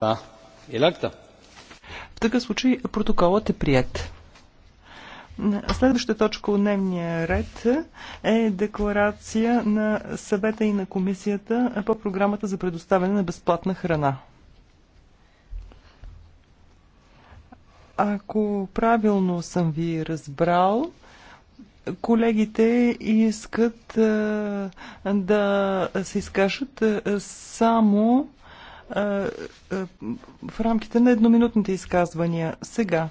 Да. И лакта. В такъв случай протоколът е прият. Следващата точка от дневния ред е декларация на съвета и на комисията по програмата за предоставяне на безплатна храна. Ако правилно съм ви разбрал, колегите искат да се изкажат само в рамките на едноминутните изказвания. Сега,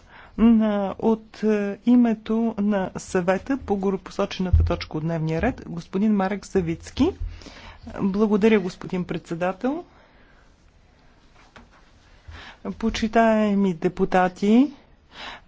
от името на съвета по горопосочената точка от дневния ред, господин Марек Савицки. Благодаря, господин председател. Почитаеми депутати,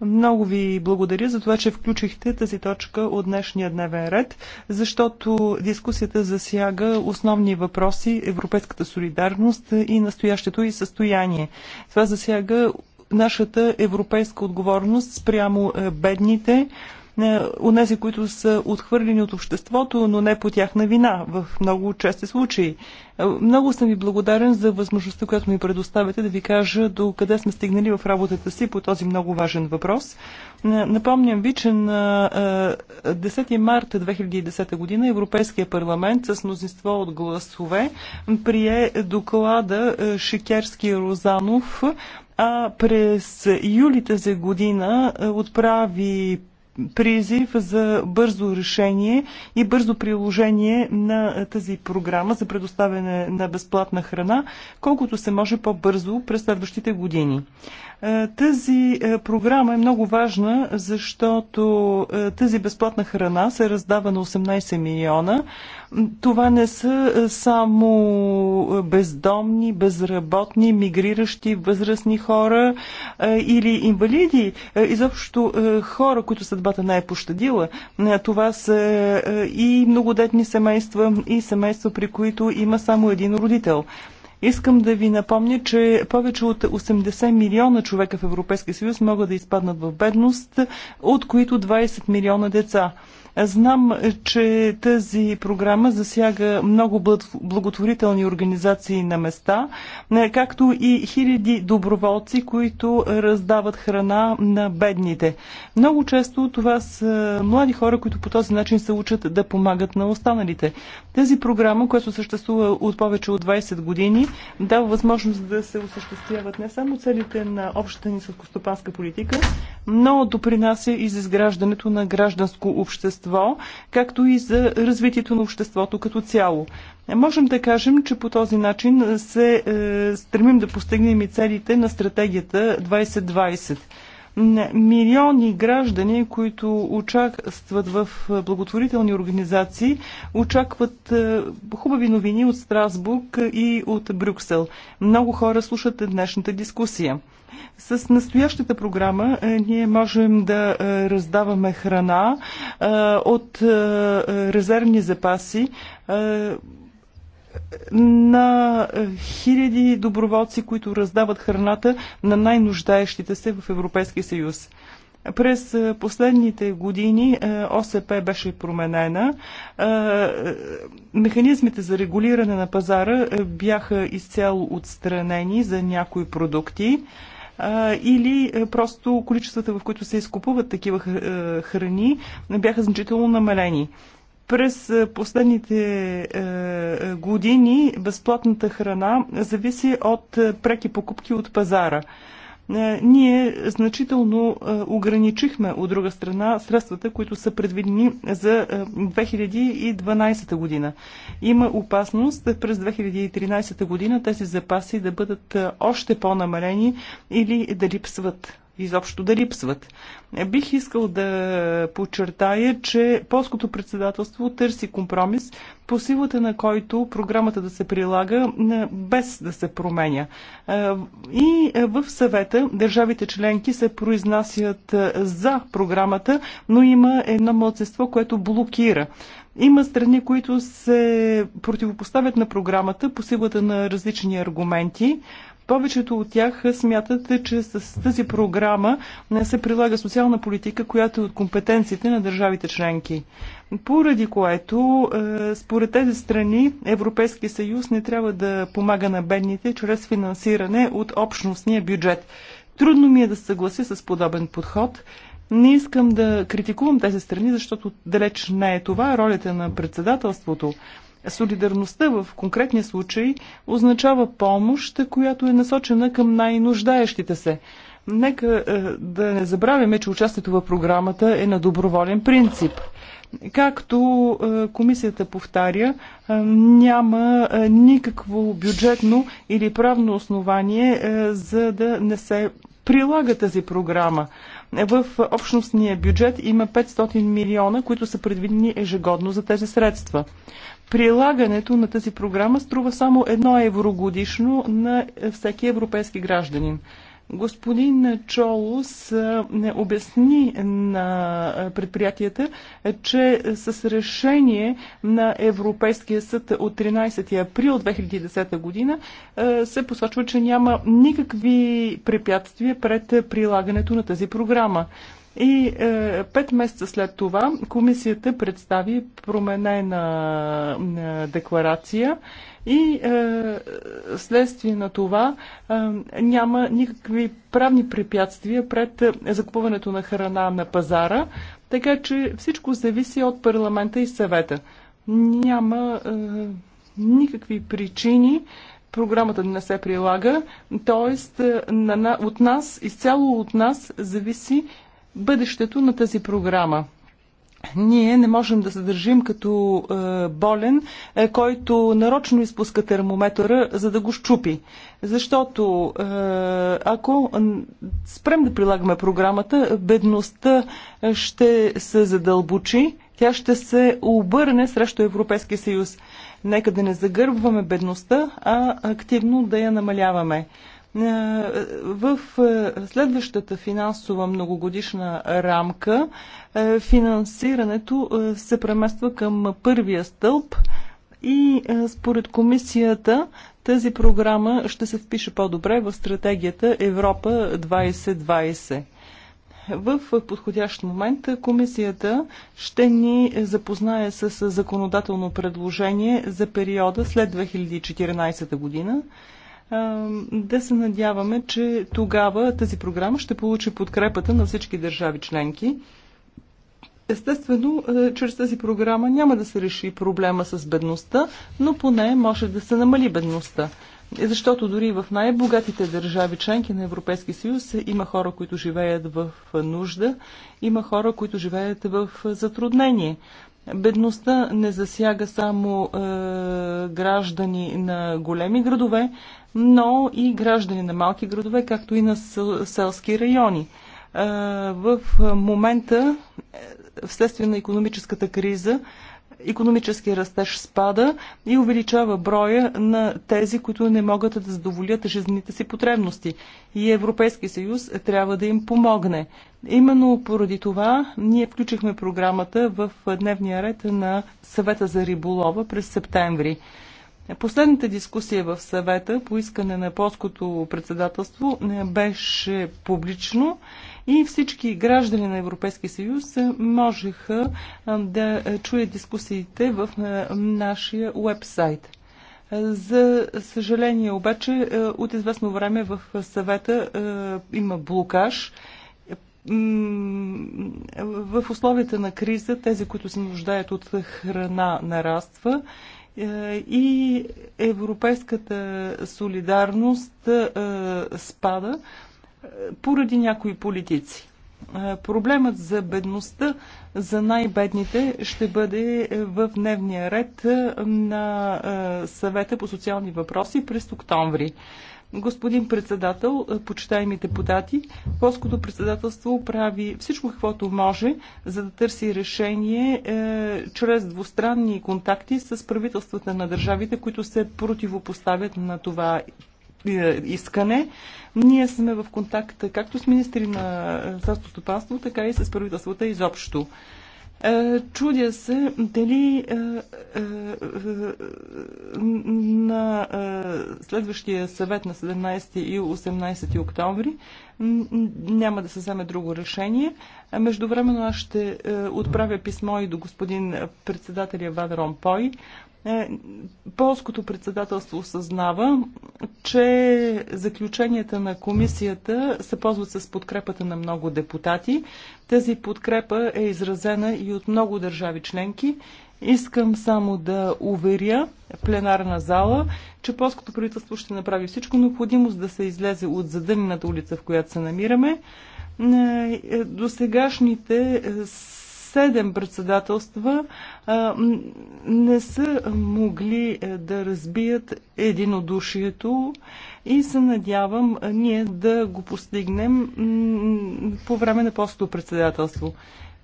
много ви благодаря за това, че включихте тази точка от днешния дневен ред, защото дискусията засяга основни въпроси, европейската солидарност и настоящето и състояние. Това засяга нашата европейска отговорност спрямо е, бедните, унези, които са отхвърлени от обществото, но не по тяхна вина в много чести случаи. Много съм ви благодарен за възможността, която ми предоставяте да ви кажа до къде сме стигнали в работата си по този много важен въпрос. Напомням ви, че на 10 марта 2010 година Европейския парламент с мнозинство от гласове прие доклада Шикерски-Розанов а през юли тази година отправи призив за бързо решение и бързо приложение на тази програма за предоставяне на безплатна храна, колкото се може по-бързо през следващите години. Е, тази е, програма е много важна, защото е, тази безплатна храна се раздава на 18 милиона. Това не са само бездомни, безработни, мигриращи, възрастни хора или инвалиди. Изобщо хора, които съдбата не е пощадила. Това са и многодетни семейства, и семейства, при които има само един родител. Искам да ви напомня, че повече от 80 милиона човека в Европейския съюз могат да изпаднат в бедност, от които 20 милиона деца. Знам, че тази програма засяга много благотворителни организации на места, е, както и хиляди доброволци, които раздават храна на бедните. Много често това са млади хора, които по този начин се учат да помагат на останалите. Тази програма, която съществува от повече от 20 години, дава възможност да се осъществяват не само целите на общата ни съвкостопанска политика, но допринася и за изграждането на гражданско общество общество, както и за развитието на обществото като цяло. Можем да кажем, че по този начин се е, стремим да постигнем и целите на стратегията 2020 милиони граждани, които участват в благотворителни организации, очакват е, хубави новини от Страсбург и от Брюксел. Много хора слушат днешната дискусия. С настоящата програма е, ние можем да е, раздаваме храна е, от резервни запаси на хиляди доброволци, които раздават храната на най-нуждаещите се в Европейския съюз. През последните години ОСП беше променена. Механизмите за регулиране на пазара бяха изцяло отстранени за някои продукти или е, просто количествата, в които се изкупуват такива е, храни, бяха значително намалени. През е, последните години безплатната храна зависи от преки покупки от пазара. Е, ние значително е, ограничихме от друга страна средствата, които са предвидени за 2012 е, година. Има опасност през 2013 година тези запаси да бъдат още по-намалени или да липсват изобщо да липсват. Бих искал да подчертая, че полското председателство търси компромис, по силата на който програмата да се прилага без да се променя. И в съвета държавите членки се произнасят за програмата, но има едно младсество, което блокира. Има страни, които се противопоставят на програмата по силата на различни аргументи. Повечето от тях смятат, че с тази програма не се прилага социална политика, която е от компетенциите на държавите членки. Поради което, е, според тези страни, Европейския съюз не трябва да помага на бедните чрез финансиране от общностния бюджет. Трудно ми е да съглася с подобен подход. Не искам да критикувам тези страни, защото далеч не е това ролята на председателството. Солидарността в конкретния случай означава помощ, която е насочена към най-нуждаещите се. Нека е, да не забравяме, че участието в програмата е на доброволен принцип. Както е, комисията повтаря, е, няма никакво бюджетно или правно основание за да не се прилага тази програма. В общностния бюджет има 500 милиона, които са предвидени ежегодно за тези средства. Прилагането на тази програма струва само едно евро годишно на всеки европейски гражданин. Господин Чолос не обясни на предприятията, че с решение на Европейския съд от 13 април 2010 година се посочва, че няма никакви препятствия пред прилагането на тази програма. И е, пет месеца след това комисията представи променена декларация и е, следствие на това е, няма никакви правни препятствия пред е, закупуването на храна на пазара, така че всичко зависи от парламента и съвета. Няма никакви причини програмата не се прилага, т.е. от нас, изцяло от нас зависи бъдещето на тази програма ние не можем да се държим като е, болен, е, който нарочно изпуска термометъра, за да го щупи. Защото е, ако спрем да прилагаме програмата, бедността е, ще се задълбочи, тя ще се обърне срещу Европейския съюз. Нека да не загърбваме бедността, а активно да я намаляваме. Е, в е, следващата финансова многогодишна рамка е, финансирането се премества към първия стълб и според комисията тази програма ще се впише по-добре в стратегията Европа 2020 в подходящ момент комисията ще ни запознае с законодателно предложение за периода след 2014 година да се надяваме, че тогава тази програма ще получи подкрепата на всички държави членки. Естествено, е, чрез тази програма няма да се реши проблема с бедността, но поне може да се намали бедността. Защото дори в най-богатите държави, членки на Европейския съюз, има хора, които живеят в нужда, има хора, които живеят в затруднение. Бедността не засяга само е, граждани на големи градове, но и граждани на малки градове, както и на селски райони. В момента, е, вследствие на економическата криза, економически растеж спада и увеличава броя на тези, които не могат да задоволят жизнените си потребности. И Европейски съюз трябва да им помогне. Именно поради това ние включихме програмата в дневния ред на съвета за риболова през септември. Последната дискусия в съвета по искане на полското председателство е, беше публично и всички граждани на Европейския съюз можеха е, да чуят дискусиите в е, нашия уебсайт. За съжаление обаче от известно време в съвета има блокаж в условията на криза тези, които се нуждаят от храна, нараства е, и европейската солидарност е, спада е, поради някои политици. Проблемът за бедността за най-бедните ще бъде в дневния ред на съвета по социални въпроси през октомври. Господин председател, почитаеми депутати, полското председателство прави всичко каквото може, за да търси решение е, чрез двустранни контакти с правителствата на държавите, които се противопоставят на това е, искане. Ние сме в контакт както с министри на е, селското така и с правителствата изобщо. Е, чудя се дали е, е, на следващия съвет на 17 и 18 октомври няма да се вземе друго решение. Междувременно аз ще отправя писмо и до господин председателя Ван Ромпой. Е, полското председателство осъзнава, че заключенията на комисията се ползват с подкрепата на много депутати. Тази подкрепа е изразена и от много държави членки. Искам само да уверя пленарна зала, че полското правителство ще направи всичко необходимо, за да се излезе от задънената улица, в която се намираме. Е, е, До сегашните седем председателства не са могли е, да разбият единодушието и се надявам ние да го постигнем по време на постото председателство.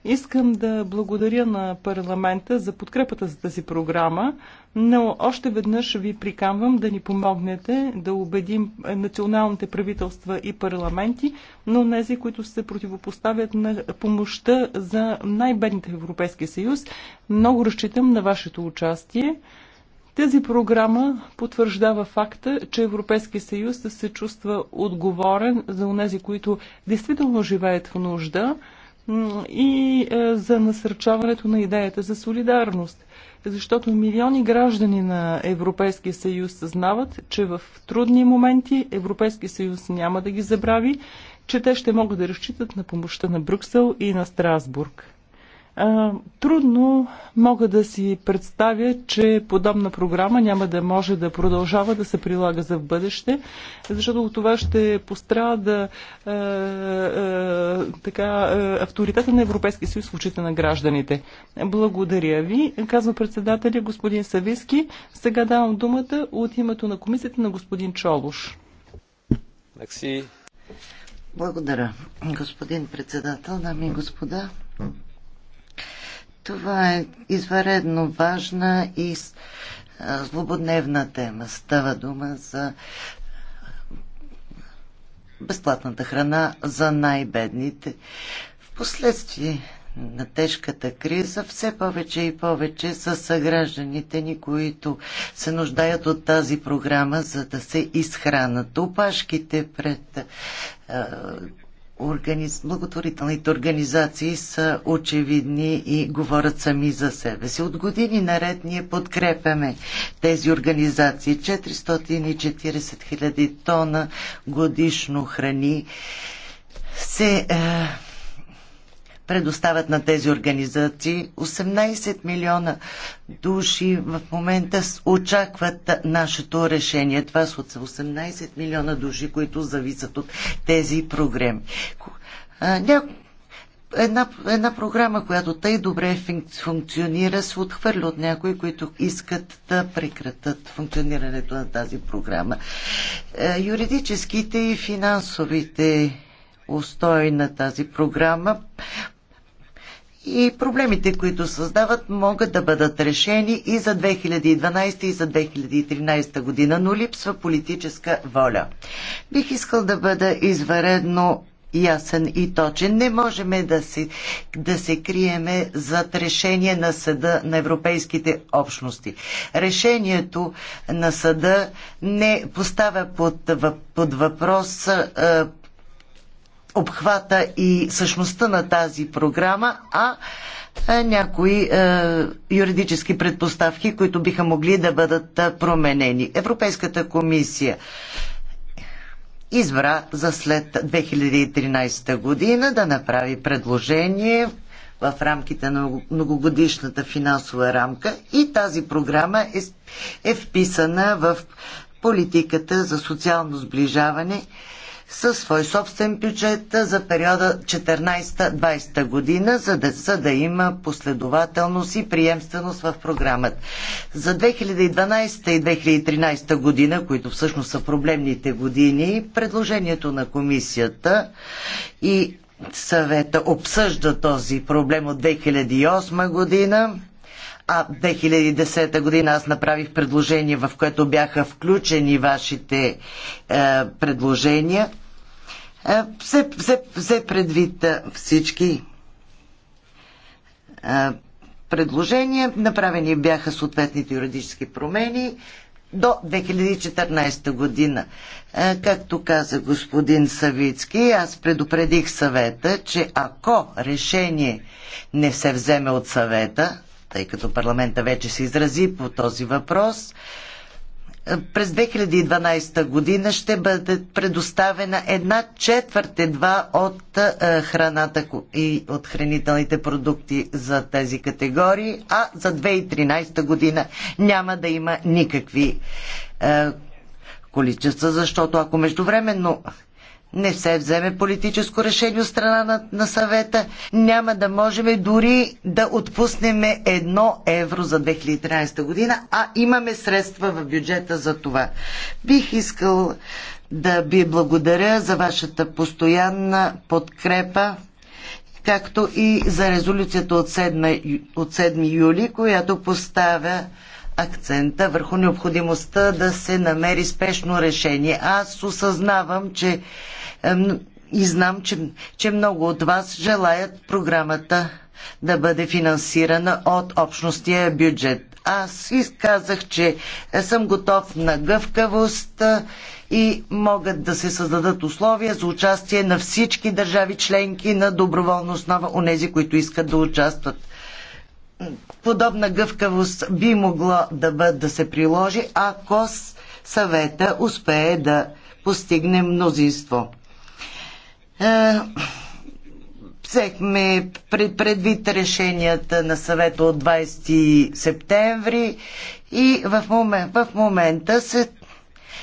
Искам да благодаря на парламента за подкрепата за тази програма, но още веднъж ви приканвам да ни помогнете да убедим националните правителства и парламенти, но нези, които се противопоставят на помощта за най-бедните в Европейския съюз. Много разчитам на вашето участие. Тази програма потвърждава факта, че Европейския съюз се чувства отговорен за онези, които действително живеят в нужда и е, за насърчаването на идеята за солидарност. Защото милиони граждани на Европейския съюз съзнават, че в трудни моменти Европейския съюз няма да ги забрави, че те ще могат да разчитат на помощта на Брюксел и на Страсбург. Трудно мога да си представя, че подобна програма няма да може да продължава да се прилага за в бъдеще, защото от това ще пострада е, е, така, е, авторитета на Европейския съюз в очите на гражданите. Благодаря ви, казва председателя господин Сависки. Сега давам думата от името на комисията на господин Чолуш. Благодаря, господин председател, дами и господа. Това е изваредно важна и злободневна тема. Става дума за безплатната храна за най-бедните. Впоследствие на тежката криза, все повече и повече са съгражданите ни, които се нуждаят от тази програма, за да се изхранат. Опашките пред органи... благотворителните организации са очевидни и говорят сами за себе си. От години наред ние подкрепяме тези организации. 440 хиляди тона годишно храни се е, предоставят на тези организации. 18 милиона души в момента очакват нашето решение. Това са 18 милиона души, които зависят от тези програми. една, една програма, която тъй добре функционира, се отхвърля от някои, които искат да прекратат функционирането на тази програма. Е, юридическите и финансовите устои на тази програма и проблемите, които създават, могат да бъдат решени и за 2012 и за 2013 година, но липсва политическа воля. Бих искал да бъда изваредно ясен и точен. Не можем да се, да се криеме зад решение на съда на европейските общности. Решението на съда не поставя под, под въпрос обхвата и същността на тази програма, а някои е, юридически предпоставки, които биха могли да бъдат е, променени. Европейската комисия избра за след 2013 година да направи предложение в рамките на многогодишната финансова рамка и тази програма е, е вписана в политиката за социално сближаване със свой собствен бюджет за периода 14-20 година, за да, за да има последователност и приемственост в програмата. За 2012 и 2013 година, които всъщност са проблемните години, предложението на комисията и съвета обсъжда този проблем от 2008 година а 2010 година аз направих предложение, в което бяха включени вашите е, предложения. Е, все, все, все предвид е, всички е, предложения. Направени бяха съответните юридически промени до 2014 година. Е, както каза господин Савицки, аз предупредих съвета, че ако решение не се вземе от съвета, тъй като парламента вече се изрази по този въпрос. През 2012 година ще бъде предоставена една четвърт едва от е, храната и от хранителните продукти за тези категории, а за 2013 година няма да има никакви е, количества, защото ако междувременно не се вземе политическо решение от страна на, на съвета, няма да можем дори да отпуснем едно евро за 2013 година, а имаме средства в бюджета за това. Бих искал да ви благодаря за вашата постоянна подкрепа както и за резолюцията от 7, от 7 юли, която поставя акцента върху необходимостта да се намери спешно решение. Аз осъзнавам, че и знам, че, че много от вас желаят програмата да бъде финансирана от общностния бюджет. Аз изказах, че съм готов на гъвкавост е, и могат да се създадат условия за участие на всички държави членки на доброволна основа, нези, които искат да участват подобна гъвкавост би могло да, бъд, да се приложи, ако съвета успее да постигне мнозинство. Е, взехме предвид решенията на съвета от 20 септември и в момента се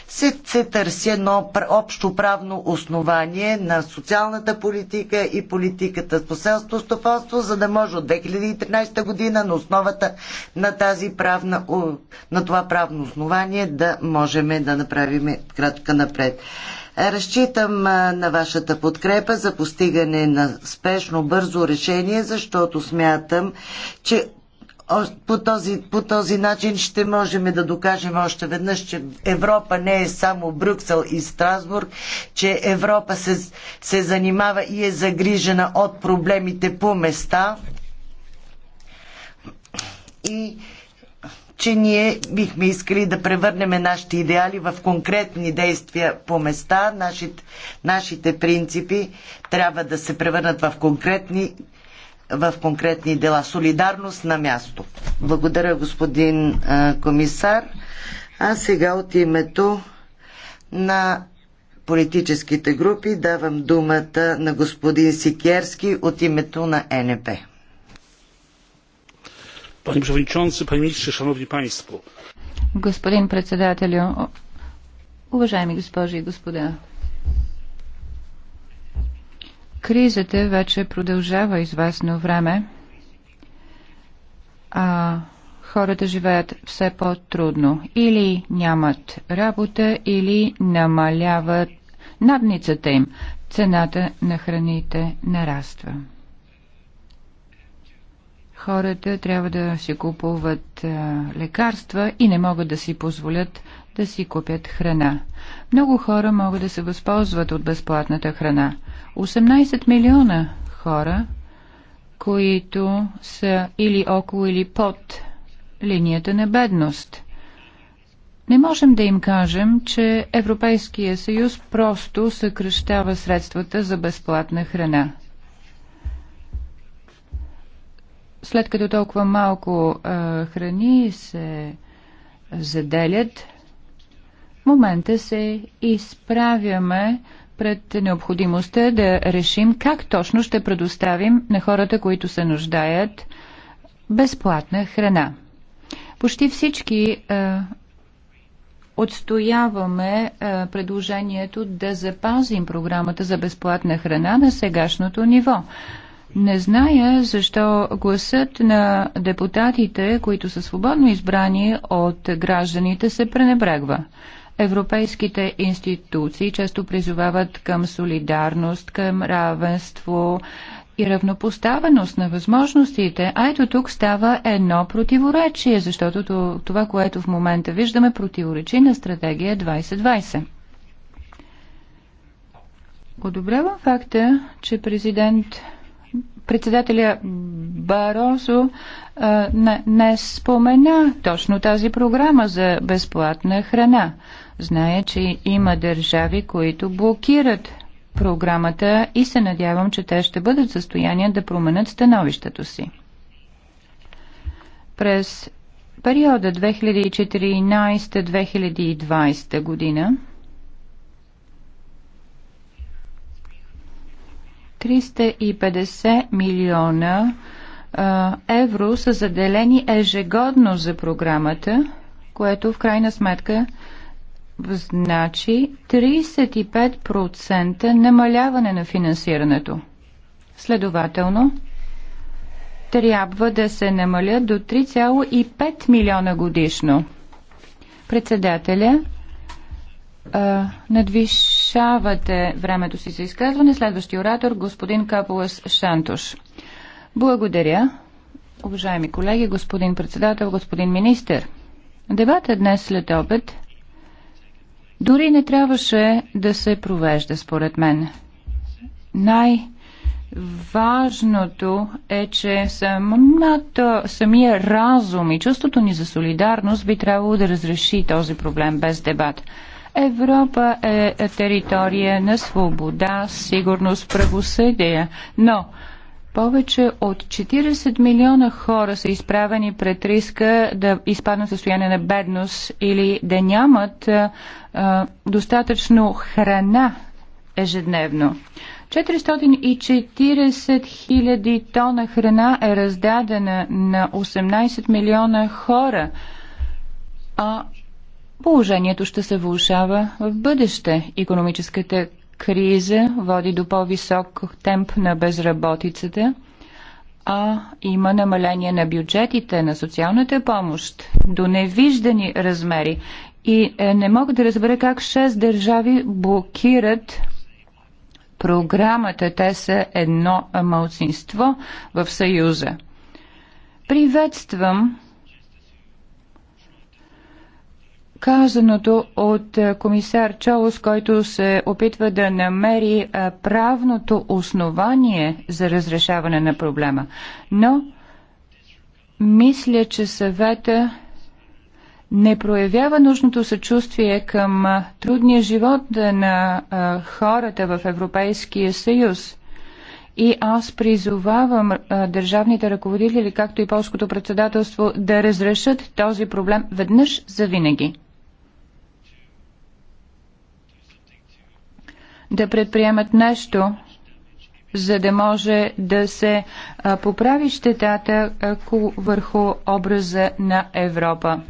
се, се търси едно общо правно основание на социалната политика и политиката по селско стопанство, за да може от 2013 година на основата на, тази правна, на това правно основание да можем да направим кратка напред. Разчитам на вашата подкрепа за постигане на спешно бързо решение, защото смятам, че по този, по този начин ще можем да докажем още веднъж, че Европа не е само Брюксел и Страсбург, че Европа се, се занимава и е загрижена от проблемите по места и че ние бихме искали да превърнем нашите идеали в конкретни действия по места. Нашите, нашите принципи трябва да се превърнат в конкретни в конкретни дела. Солидарност на място. Благодаря, господин комисар. А сега от името на политическите групи давам думата на господин Сикерски от името на НП. Господин председателю, уважаеми госпожи и господа, Кризата вече продължава известно време, а хората живеят все по-трудно. Или нямат работа, или намаляват надницата им. Цената на храните нараства. Хората трябва да си купуват а, лекарства и не могат да си позволят да си купят храна. Много хора могат да се възползват от безплатната храна. 18 милиона хора, които са или около или под линията на бедност. Не можем да им кажем, че Европейския съюз просто съкръщава средствата за безплатна храна. След като толкова малко а, храни се заделят, в момента се изправяме пред необходимостта да решим как точно ще предоставим на хората, които се нуждаят, безплатна храна. Почти всички е, отстояваме е, предложението да запазим програмата за безплатна храна на сегашното ниво. Не зная защо гласът на депутатите, които са свободно избрани от гражданите, се пренебрегва. Европейските институции често призовават към солидарност, към равенство и равнопоставеност на възможностите. А ето тук става едно противоречие, защото това, което в момента виждаме, противоречи на стратегия 2020. Одобрявам факта, че президент председателя Баросо не, не спомена точно тази програма за безплатна храна. Зная, че има държави, които блокират програмата и се надявам, че те ще бъдат в състояние да променят становището си. През периода 2014-2020 година 350 милиона евро са заделени ежегодно за програмата, което в крайна сметка значи 35% намаляване на финансирането. Следователно, трябва да се намаля до 3,5 милиона годишно. Председателя, а, надвишавате времето си за изказване. Следващия оратор, господин Капулас Шантош. Благодаря. Уважаеми колеги, господин председател, господин министр. Дебатът днес след обед – дори не трябваше да се провежда, според мен. Най- Важното е, че самата, самия разум и чувството ни за солидарност би трябвало да разреши този проблем без дебат. Европа е, е територия на свобода, сигурност, правосъдие, но повече от 40 милиона хора са изправени пред риска да изпаднат в състояние на бедност или да нямат а, достатъчно храна ежедневно. 440 хиляди тона храна е раздадена на 18 милиона хора, а положението ще се влушава в бъдеще. Економическата криза води до по-висок темп на безработицата, а има намаление на бюджетите, на социалната помощ до невиждани размери. И е, не мога да разбера как 6 държави блокират програмата. Те са едно малцинство в Съюза. Приветствам казаното от е, комисар Чолос, който се опитва да намери е, правното основание за разрешаване на проблема. Но мисля, че съвета не проявява нужното съчувствие към е, трудния живот на хората в Европейския съюз. И аз призовавам а, държавните ръководители, както и полското председателство, да разрешат този проблем веднъж за винаги. да предприемат нещо, за да може да се поправи щетата върху образа на Европа.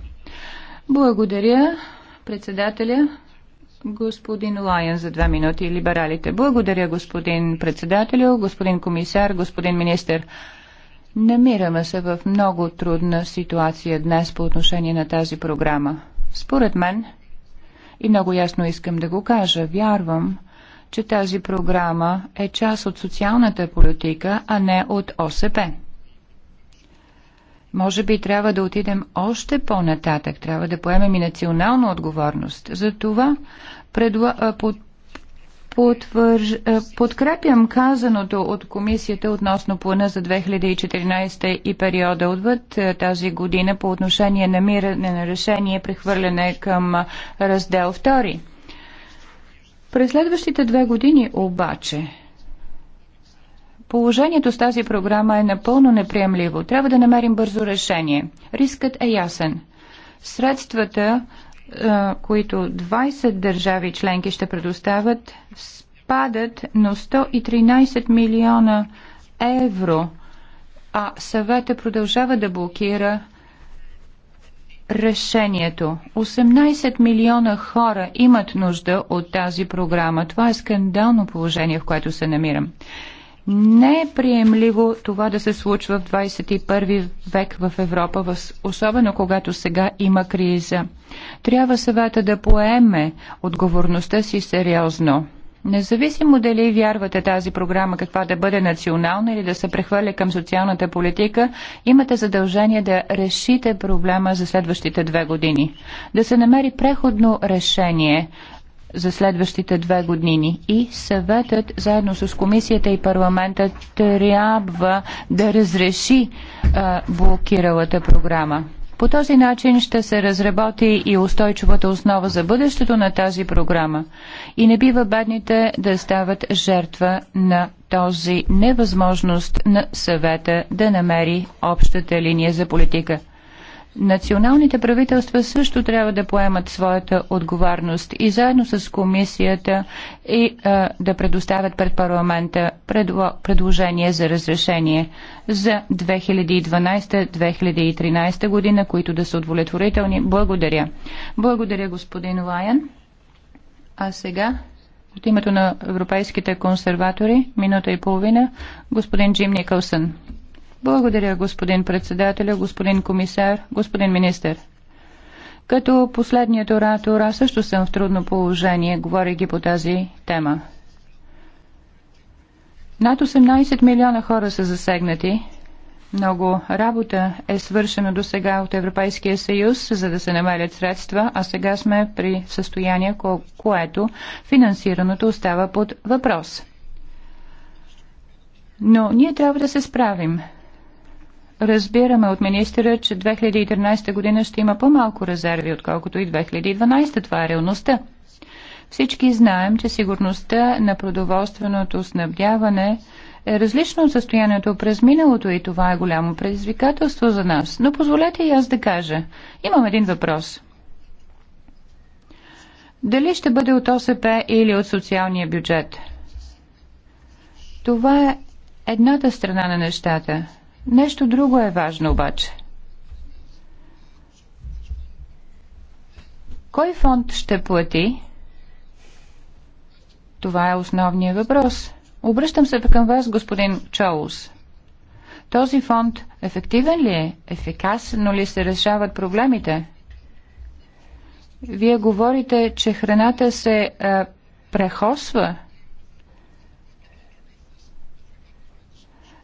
Благодаря, председателя. Господин Лайен за две минути, либералите. Благодаря, господин председателю, господин комисар, господин министр. Намираме се в много трудна ситуация днес по отношение на тази програма. Според мен, и много ясно искам да го кажа, вярвам, че тази програма е част от социалната политика, а не от ОСП. Може би трябва да отидем още по-нататък, трябва да поемем и национална отговорност. За това предла... под... Подвърж... подкрепям казаното от комисията относно плана за 2014 и периода отвъд тази година по отношение намиране на решение прехвърляне към раздел 2. През следващите две години обаче положението с тази програма е напълно неприемливо. Трябва да намерим бързо решение. Рискът е ясен. Средствата, е, които 20 държави членки ще предоставят, спадат на 113 милиона евро, а съвета продължава да блокира решението. 18 милиона хора имат нужда от тази програма. Това е скандално положение, в което се намирам. Не е приемливо това да се случва в 21 век в Европа, особено когато сега има криза. Трябва съвета да поеме отговорността си сериозно. Независимо дали вярвате тази програма каква да бъде национална или да се прехвърля към социалната политика, имате задължение да решите проблема за следващите две години. Да се намери преходно решение за следващите две години и съветът заедно с комисията и парламента трябва да разреши а, блокиралата програма. По този начин ще се разработи и устойчивата основа за бъдещето на тази програма. И не бива бедните да стават жертва на този невъзможност на съвета да намери общата линия за политика – Националните правителства също трябва да поемат своята отговорност и заедно с комисията и а, да предоставят пред парламента предло, предложение за разрешение за 2012-2013 година, които да са удовлетворителни. Благодаря. Благодаря, господин Лайен. А сега от името на европейските консерватори, минута и половина, господин Джим Никълсън. Благодаря, господин председателя, господин комисар, господин министър. Като последният оратор, аз също съм в трудно положение, ги по тази тема. Над 18 милиона хора са засегнати. Много работа е свършена до сега от Европейския съюз, за да се намалят средства, а сега сме при състояние, което финансираното остава под въпрос. Но ние трябва да се справим разбираме от министъра, че 2013 година ще има по-малко резерви, отколкото и 2012. Това е реалността. Всички знаем, че сигурността на продоволственото снабдяване е различно от състоянието през миналото и това е голямо предизвикателство за нас. Но позволете и аз да кажа. Имам един въпрос. Дали ще бъде от ОСП или от социалния бюджет? Това е едната страна на нещата. Нещо друго е важно обаче. Кой фонд ще плати? Това е основният въпрос. Обръщам се към вас, господин Чоус. Този фонд ефективен ли е? Ефикасно ли се решават проблемите? Вие говорите, че храната се а, прехосва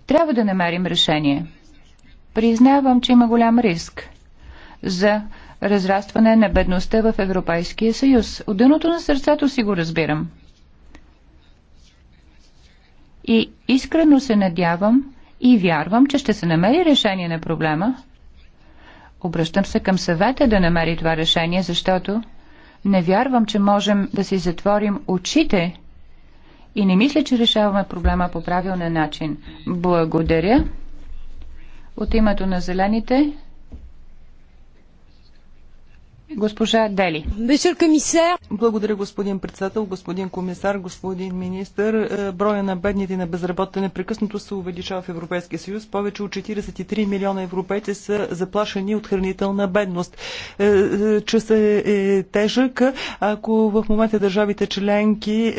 Трябва да намерим решение. Признавам, че има голям риск за разрастване на бедността в Европейския съюз. От дъното на сърцето си го разбирам. И искрено се надявам и вярвам, че ще се намери решение на проблема. Обръщам се към съвета да намери това решение, защото не вярвам, че можем да си затворим очите и не мисля, че решаваме проблема по правилния начин. Благодаря. От името на зелените Госпожа Дели. Благодаря, господин председател, господин комисар, господин министр. Е, броя на бедните и на безработните непрекъснато се увеличава в Европейския съюз. Повече от 43 милиона европейци са заплашени от хранителна бедност. Е, е, Часа е тежък. Ако в момента държавите членки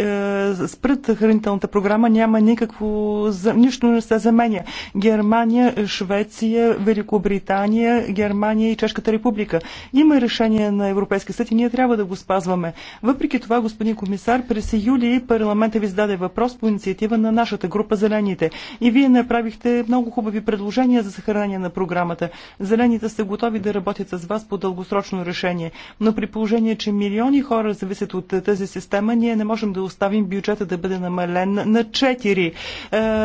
спрат хранителната програма, няма никакво... Нищо не се заменя. Германия, Швеция, Великобритания, Германия и Чешката република. Има решение решение на Европейския съд и ние трябва да го спазваме. Въпреки това, господин комисар, през юли парламента ви зададе въпрос по инициатива на нашата група Зелените. И вие направихте много хубави предложения за съхранение на програмата. Зелените са готови да работят с вас по дългосрочно решение. Но при положение, че милиони хора зависят от тази система, ние не можем да оставим бюджета да бъде намален на 4.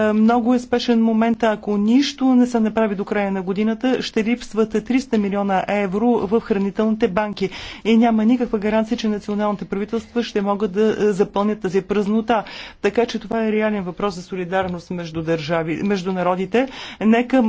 Е, много е спешен момент, ако нищо не се направи до края на годината, ще липсват 300 милиона евро в хранителните банки банки. И няма никаква гаранция, че националните правителства ще могат да е, запълнят тази празнота. Така че това е реален въпрос за солидарност между държави, между народите. Нека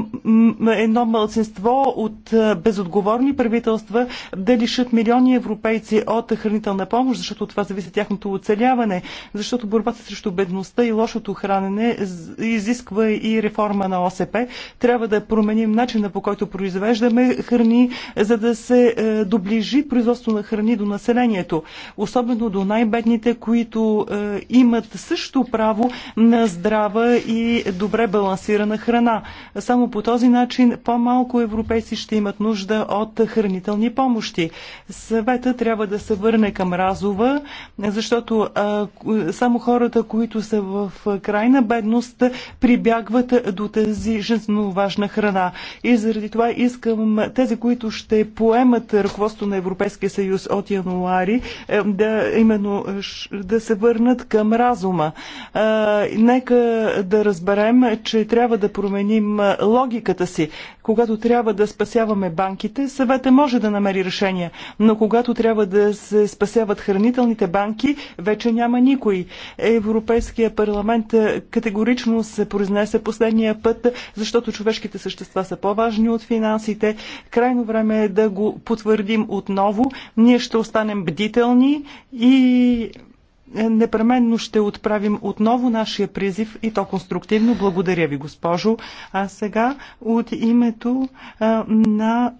едно мълцинство от е, безотговорни правителства да лишат милиони европейци от хранителна помощ, защото това зависи тяхното оцеляване, защото борбата срещу бедността и лошото хранене изисква и реформа на ОСП. Трябва да променим начина по който произвеждаме храни, за да се е, доближим доближи производство на храни до населението, особено до най-бедните, които е, имат също право на здрава и добре балансирана храна. Само по този начин по-малко европейци ще имат нужда от хранителни помощи. Съвета трябва да се върне към разова, защото е, само хората, които са в крайна бедност, прибягват до тази жизненно важна храна. И заради това искам тези, които ще поемат ръководство на на Европейския съюз от януари е, да, именно, е, да се върнат към разума. Е, нека да разберем, че трябва да променим логиката си. Когато трябва да спасяваме банките, съвета може да намери решение, но когато трябва да се спасяват хранителните банки, вече няма никой. Европейския парламент категорично се произнесе последния път, защото човешките същества са по-важни от финансите. Крайно време е да го потвърдим от отново. Ние ще останем бдителни и е, непременно ще отправим отново нашия призив и то конструктивно. Благодаря ви, госпожо. А сега от името на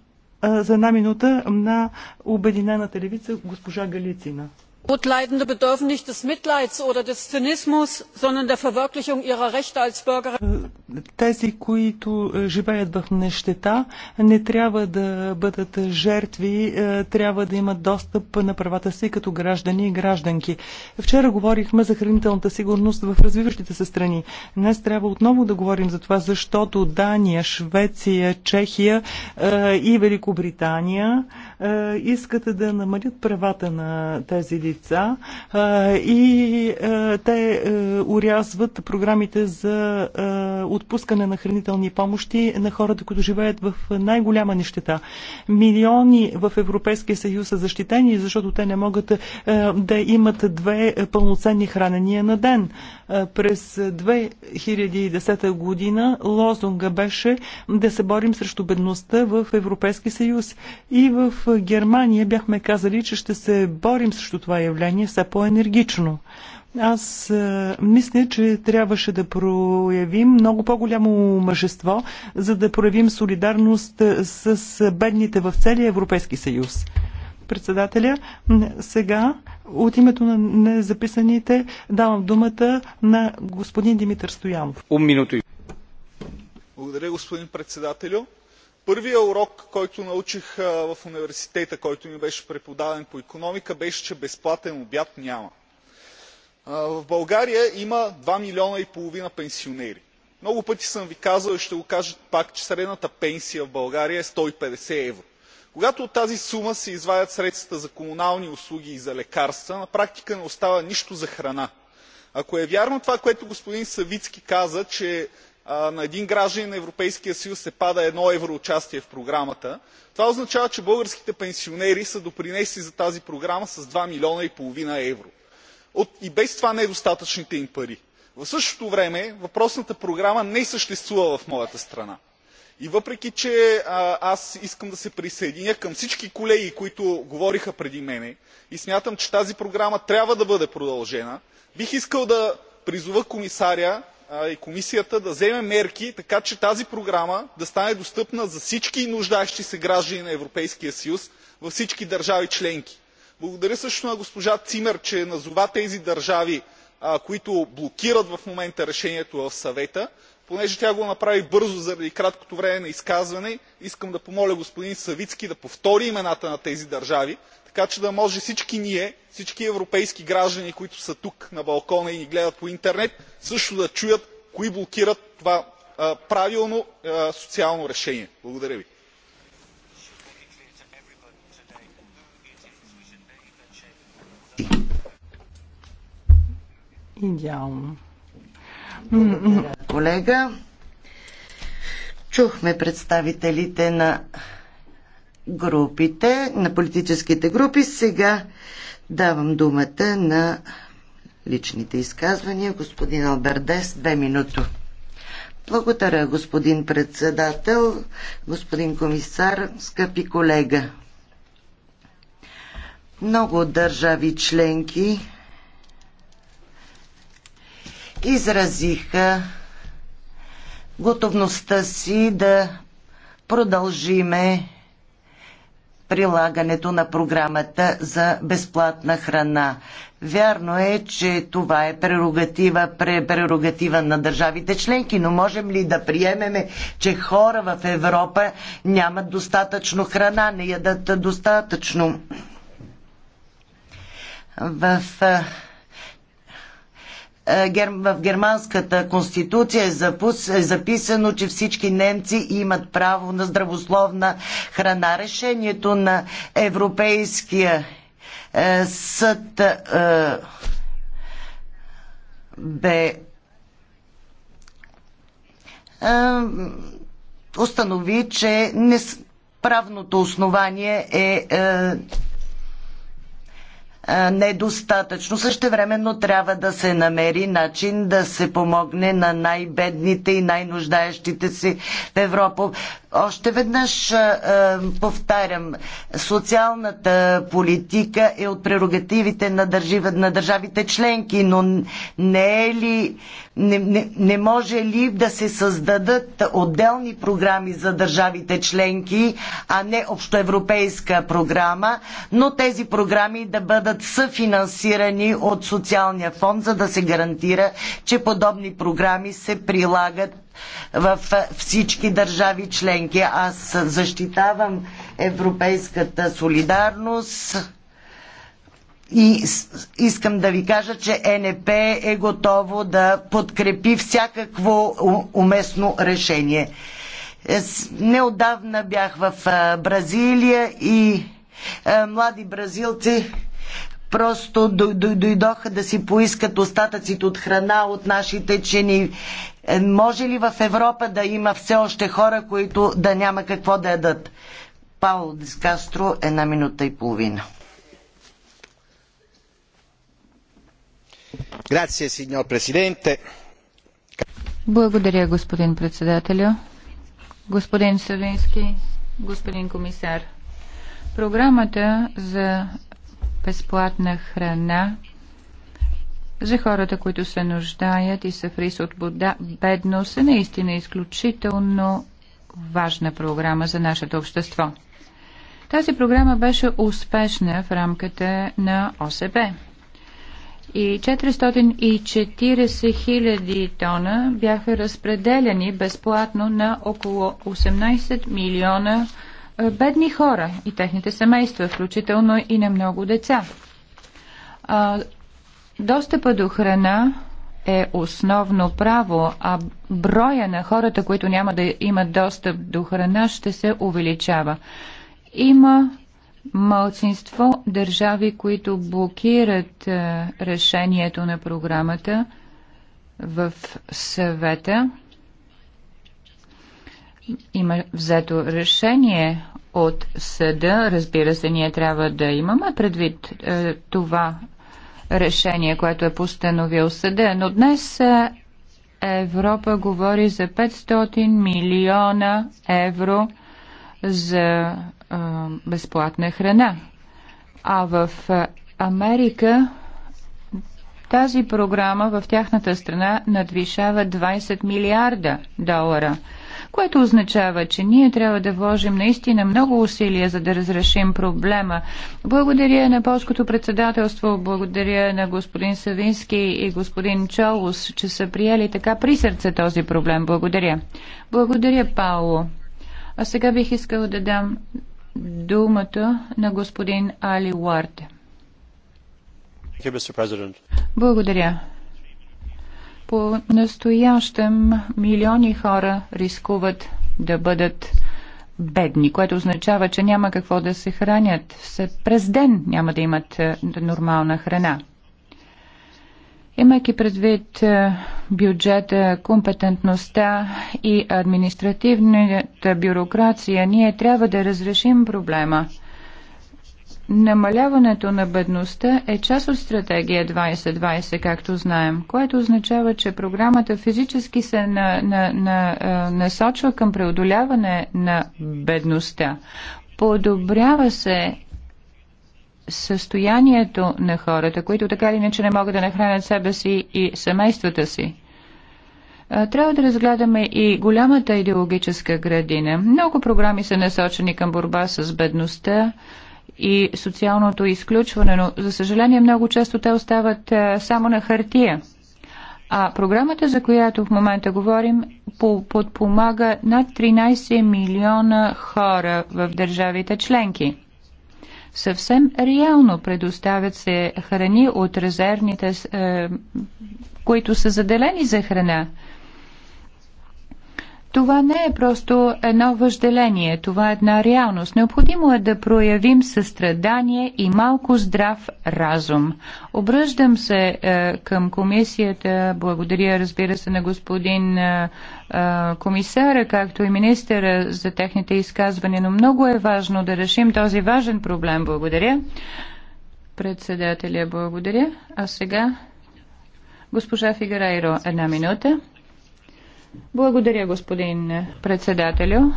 за една минута на Обединената левица госпожа Галицина notleidende bedürfen nicht des mitleids oder des zynismus sondern der verwirklichung ihrer rechte als bürgerinnen Тези, които е, живеят в нещета, не трябва да бъдат жертви, е, трябва да имат достъп на правата си като граждани и гражданки. Вчера говорихме за хранителната сигурност в развиващите се страни. Днес трябва отново да говорим за това, защото Дания, Швеция, Чехия е, и Великобритания е, искат да намалят правата на тези лица е, и е, те урязват програмите за отпускане на хранителни помощи на хората, които живеят в най-голяма нещета. Милиони в Европейския съюз са защитени, защото те не могат да имат две пълноценни хранения на ден. През 2010 година лозунга беше да се борим срещу бедността в Европейския съюз и в Германия бяхме казали, че ще се борим срещу това явление все по-енергично. Аз а, е, мисля, че трябваше да проявим много по-голямо мъжество, за да проявим солидарност е, с бедните в целия Европейски съюз. Председателя, сега от името на незаписаните давам думата на господин Димитър Стоянов. Благодаря, господин председателю първият урок който научих в университета който ми беше преподаден по икономика беше че безплатен обяд няма. в българия има два милиона и половина пенсионери. много пъти съм ви казвал и ще го кажа пак че средната пенсия в българия е сто и петдесет евро. когато от тази сума се извадят средствата за комунални услуги и за лекарства на практика не остава нищо за храна. ако е вярно това което господин савицки каза че на един гражданин на европейския съюз се пада едно евро участие в програмата това означава че българските пенсионери са допринесли за тази програма с два милиона и половина евро от и без това недостатъчните им пари. в същото време въпросната програма не съществува в моята страна и въпреки че аз искам да се присъединя към всички колеги които говориха преди мен и смятам че тази програма трябва да бъде продължена бих искал да призова комисаря и комисията да вземе мерки така че тази програма да стане достъпна за всички нуждаещи се граждани на европейския съюз във всички държави членки. благодаря също на госпожа цимер че назова тези държави които блокират в момента решението в съвета. понеже тя го направи бързо заради краткото време на изказване искам да помоля господин савицки да повтори имената на тези държави така че да може всички ние всички европейски граждани които са тук на балкона и ни гледат по интернет също да чуят кои блокират това правилно социално решение. Благодаря ви. Идеално. Колега, чухме представителите на групите, на политическите групи. Сега давам думата на личните изказвания. Господин Албердес, две минути. Благодаря, господин председател, господин комисар, скъпи колега. Много държави членки изразиха готовността си да продължиме прилагането на програмата за безплатна храна. Вярно е, че това е прерогатива, прерогатива на държавите членки, но можем ли да приемеме, че хора в Европа нямат достатъчно храна, не ядат достатъчно? В е, в германската конституция е, е записано, че всички немци имат право на здравословна храна. Решението на Европейския е, съд бе установи, че правното основание е е, недостатъчно. Същевременно трябва да се намери начин да се помогне на най-бедните и най-нуждаещите си в Европа. Още веднъж повтарям, социалната политика е от прерогативите на, на държавите членки, но не е ли, не, не, не може ли да се създадат отделни програми за държавите членки, а не общоевропейска програма, но тези програми да бъдат съфинансирани от социалния фонд, за да се гарантира, че подобни програми се прилагат във всички държави членки. Аз защитавам европейската солидарност и искам да ви кажа, че НП е готово да подкрепи всякакво уместно решение. Неодавна бях в Бразилия и млади бразилци просто дойдоха да си поискат остатъците от храна от нашите чини. Е, може ли в Европа да има все още хора, които да няма какво да ядат? Пауло Дискастро, една минута и половина. Благодаря, господин председателю. Господин Савински, господин комисар. Програмата за безплатна храна за хората, които се нуждаят и са в рис от бедност, е наистина изключително важна програма за нашето общество. Тази програма беше успешна в рамката на ОСБ и 440 хиляди тона бяха разпределени безплатно на около 18 милиона е, бедни хора и техните семейства, включително и на много деца. Достъпа до храна е основно право, а броя на хората, които няма да имат достъп до храна, ще се увеличава. Има малцинство държави, които блокират е, решението на програмата в съвета. Има взето решение от съда. Разбира се, ние трябва да имаме предвид е, това решение, което е постановил съда. Но днес е, Европа говори за 500 милиона евро за а, е, безплатна храна. А в е, Америка тази програма в тяхната страна надвишава 20 милиарда долара което означава, че ние трябва да вложим наистина много усилия, за да разрешим проблема. Благодаря на полското председателство, благодаря на господин Савински и господин Чолус, че са приели така при сърце този проблем. Благодаря. Благодаря, Пауло. А сега бих искал да дам думата на господин Али Уарте. Благодаря. По настоящем милиони хора рискуват да бъдат бедни, което означава, че няма какво да се хранят. През ден няма да имат е, нормална храна. Имайки предвид е, бюджета, компетентността и административната бюрокрация, ние трябва да разрешим проблема – Намаляването на бедността е част от стратегия 2020, както знаем, което означава, че програмата физически се на, на, на, насочва към преодоляване на бедността. Подобрява се състоянието на хората, които така или иначе не могат да нахранят себе си и семействата си. Трябва да разгледаме и голямата идеологическа градина. Много програми са насочени към борба с бедността, и социалното изключване, но за съжаление много често те остават е, само на хартия. А програмата, за която в момента говорим, подпомага над 13 милиона хора в държавите членки. Съвсем реално предоставят се храни от резервните, е, които са заделени за храна. Това не е просто едно въжделение, това е една реалност. Необходимо е да проявим състрадание и малко здрав разум. Обръждам се е, към комисията, благодаря разбира се на господин е, е комисара, както и министъра за техните изказвания, но много е важно да решим този важен проблем. Благодаря. Председателя, благодаря. А сега госпожа Фигарайро, една минута. Благодаря, господин председателю.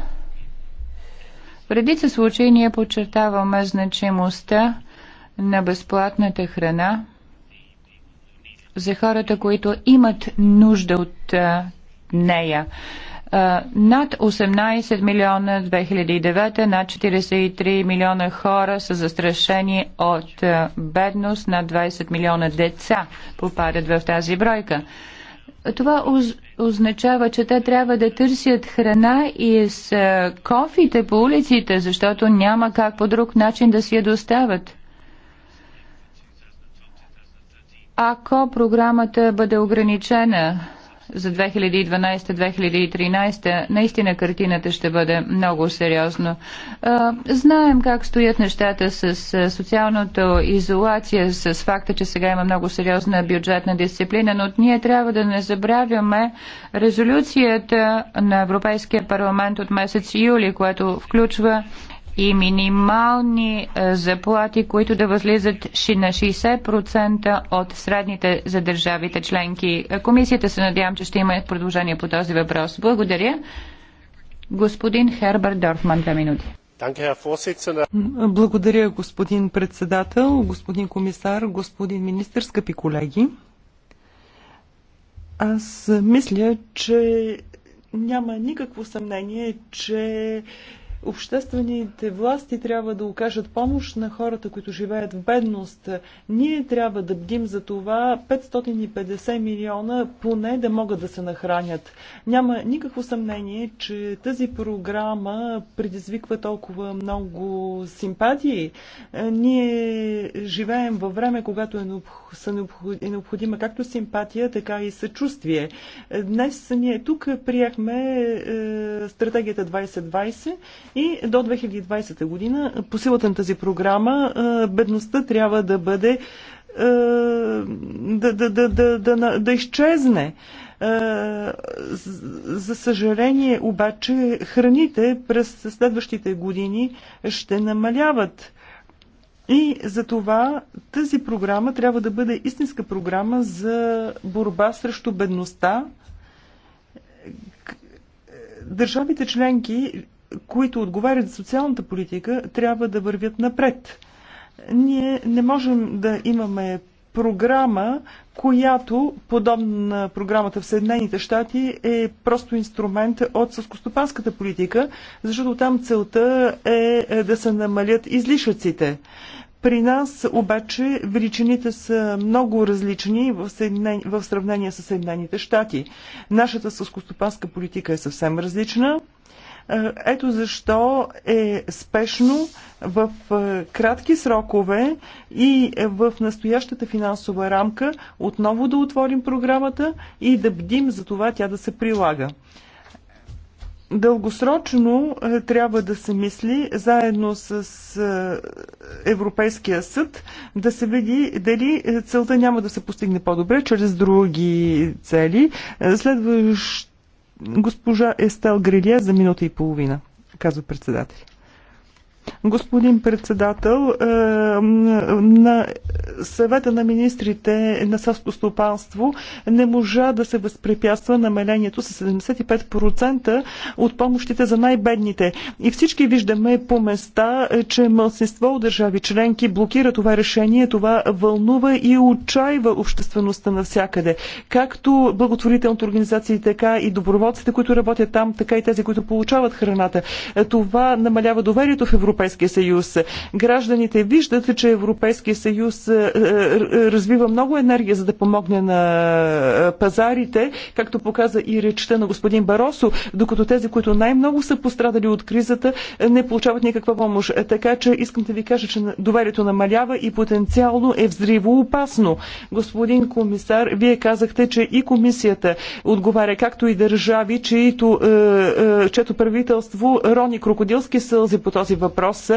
В редица случаи ние подчертаваме значимостта на безплатната храна за хората, които имат нужда от нея над 18 милиона 2009, над 43 милиона хора са застрашени от бедност, над 20 милиона деца попадат в тази бройка това означава, че те трябва да търсят храна и с е, кофите по улиците, защото няма как по друг начин да си я доставят. Ако програмата бъде ограничена за 2012-2013, наистина картината ще бъде много сериозно. Знаем как стоят нещата с социалната изолация, с факта, че сега има много сериозна бюджетна дисциплина, но ние трябва да не забравяме резолюцията на Европейския парламент от месец юли, което включва и минимални е, заплати, които да възлизат на 60% от средните за държавите членки. Е, комисията се надявам, че ще има продължение по този въпрос. Благодаря. Господин Хербер Дорфман, две минути. Благодаря, господин председател, господин комисар, господин министр, скъпи колеги. Аз мисля, че няма никакво съмнение, че Обществените власти трябва да окажат помощ на хората, които живеят в бедност. Ние трябва да бдим за това 550 милиона поне да могат да се нахранят. Няма никакво съмнение, че тази програма предизвиква толкова много симпатии. Е, ние живеем във време, когато е, е необходима както симпатия, така и съчувствие. Е, днес ние тук приехме е, стратегията 2020 и до 2020 година, по силата на тази програма, бедността трябва да бъде да, да, да, да, да, да изчезне. За съжаление, обаче, храните през следващите години ще намаляват. И за това тази програма трябва да бъде истинска програма за борба срещу бедността. Държавите членки които отговарят за социалната политика, трябва да вървят напред. Ние не можем да имаме програма, която, подобна на програмата в Съединените щати, е просто инструмент от съскостопанската политика, защото там целта е да се намалят излишъците. При нас обаче величините са много различни в, в сравнение с Съединените щати. Нашата съскостопанска политика е съвсем различна е, ето защо е спешно в е, кратки срокове и е в настоящата финансова рамка отново да отворим програмата и да бдим за това тя да се прилага. Дългосрочно трябва да се мисли заедно с Европейския съд да се види дали целта няма да се постигне по-добре чрез други цели. Следващ Госпожа Естел Грилия за минута и половина, казва председателя. Господин председател, е, на съвета на министрите на селско стопанство не можа да се възпрепятства намалението с 75% от помощите за най-бедните. И всички виждаме по места, че мълсинство от държави членки блокира това решение. Това вълнува и отчаива обществеността навсякъде. Както благотворителните организации, така и доброволците, които работят там, така и тези, които получават храната. Това намалява доверието в Европейския съюз. Гражданите виждат, че Европейския съюз е, е, е, развива много енергия, за да помогне на пазарите, както показа и речта на господин Баросо, докато тези, които най-много са пострадали от кризата, не получават никаква помощ. Така че искам да ви кажа, че доверието намалява и потенциално е взриво опасно. Господин комисар, вие казахте, че и комисията отговаря, както и държави, чието, чето правителство рони крокодилски сълзи по този въпрос.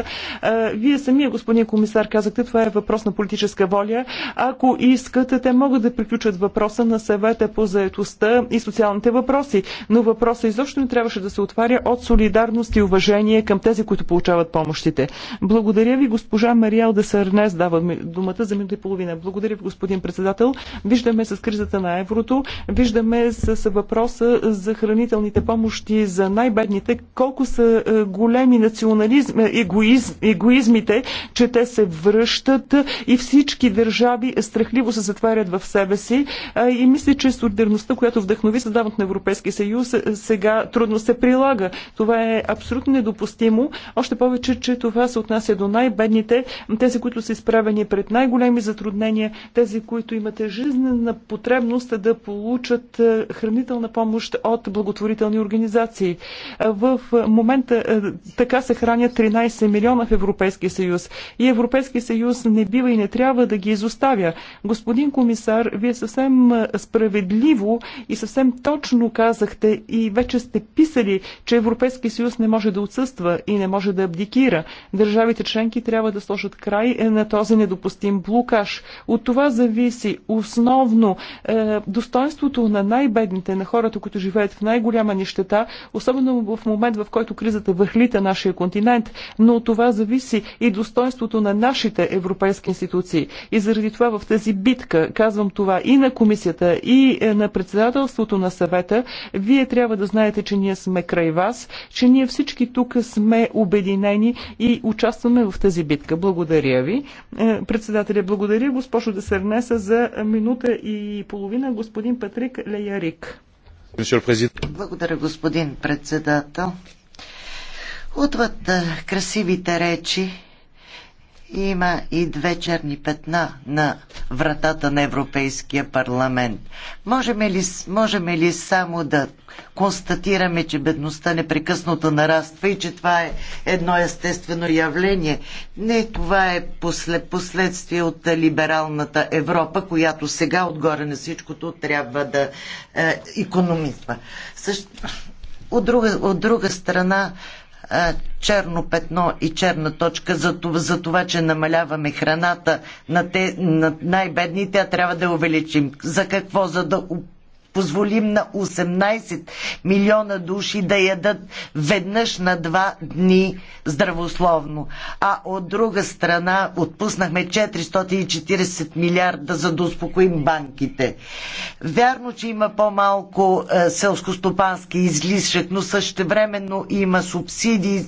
Вие самия, господин комисар, казахте, това е въпрос на политическа политическа воля. Ако искат, те могат да приключат въпроса на съвета по заетостта и социалните въпроси. Но въпросът изобщо не трябваше да се отваря от солидарност и уважение към тези, които получават помощите. Благодаря ви, госпожа Мариел Десарнес, дава думата за минута и половина. Благодаря ви, господин председател. Виждаме с кризата на еврото, виждаме с въпроса за хранителните помощи за най-бедните, колко са е, големи национализм, егоизм, егоизмите, че те се връщат и всички всички държави страхливо се затварят в себе си и мисля, че солидарността, която вдъхнови създаването на Европейския съюз, е, сега трудно се прилага. Това е абсолютно недопустимо. Още повече, че това се отнася до най-бедните, тези, които са изправени пред най-големи затруднения, тези, които имат жизнена потребност да получат е, хранителна помощ от благотворителни организации. В момента е, така се хранят 13 милиона в Европейския съюз. И Европейския съюз не бива и не трябва да ги изоставя. Господин комисар, вие съвсем справедливо и съвсем точно казахте и вече сте писали, че Европейски съюз не може да отсъства и не може да абдикира. Държавите членки трябва да сложат край е, на този недопустим блокаж. От това зависи основно е, достоинството на най-бедните, на хората, които живеят в най-голяма нищета, особено в момент, в който кризата върхлита нашия континент, но от това зависи и достоинството на нашите европейски институции институции. И заради това в тази битка, казвам това и на комисията, и е, на председателството на съвета, вие трябва да знаете, че ние сме край вас, че ние всички тук сме обединени и участваме в тази битка. Благодаря ви. Е, председателя, благодаря госпожо Десернеса за минута и половина господин Патрик Леярик. Благодаря, господин председател. Отвъд е, красивите речи има и две черни петна на вратата на Европейския парламент. Можем ли, можем ли само да констатираме, че бедността непрекъснато нараства и че това е едно естествено явление? Не, това е после, последствие от либералната Европа, която сега отгоре на всичкото трябва да е, економисва. Също... От друга, от друга страна, черно петно и черна точка за това, за това че намаляваме храната на, те, на най-бедните, а трябва да я увеличим. За какво? За да позволим на 18 милиона души да ядат веднъж на два дни здравословно. А от друга страна отпуснахме 440 милиарда за да успокоим банките. Вярно, че има по-малко е, селскостопански излишък, но същевременно има субсидии,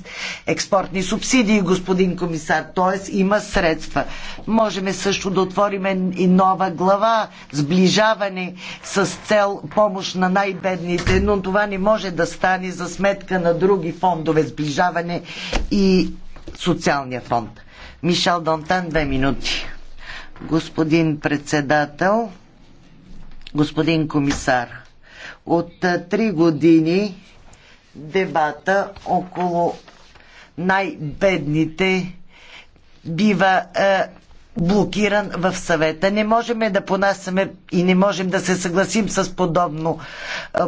експортни субсидии, господин комисар, т.е. има средства. Можеме също да отворим и нова глава, сближаване с цел помощ на най-бедните, но това не може да стане за сметка на други фондове, сближаване и социалния фонд. Мишел Донтан, две минути. Господин председател, господин комисар, от три години дебата около най-бедните бива е, блокиран в съвета. Не можем да понасяме и не можем да се съгласим с подобно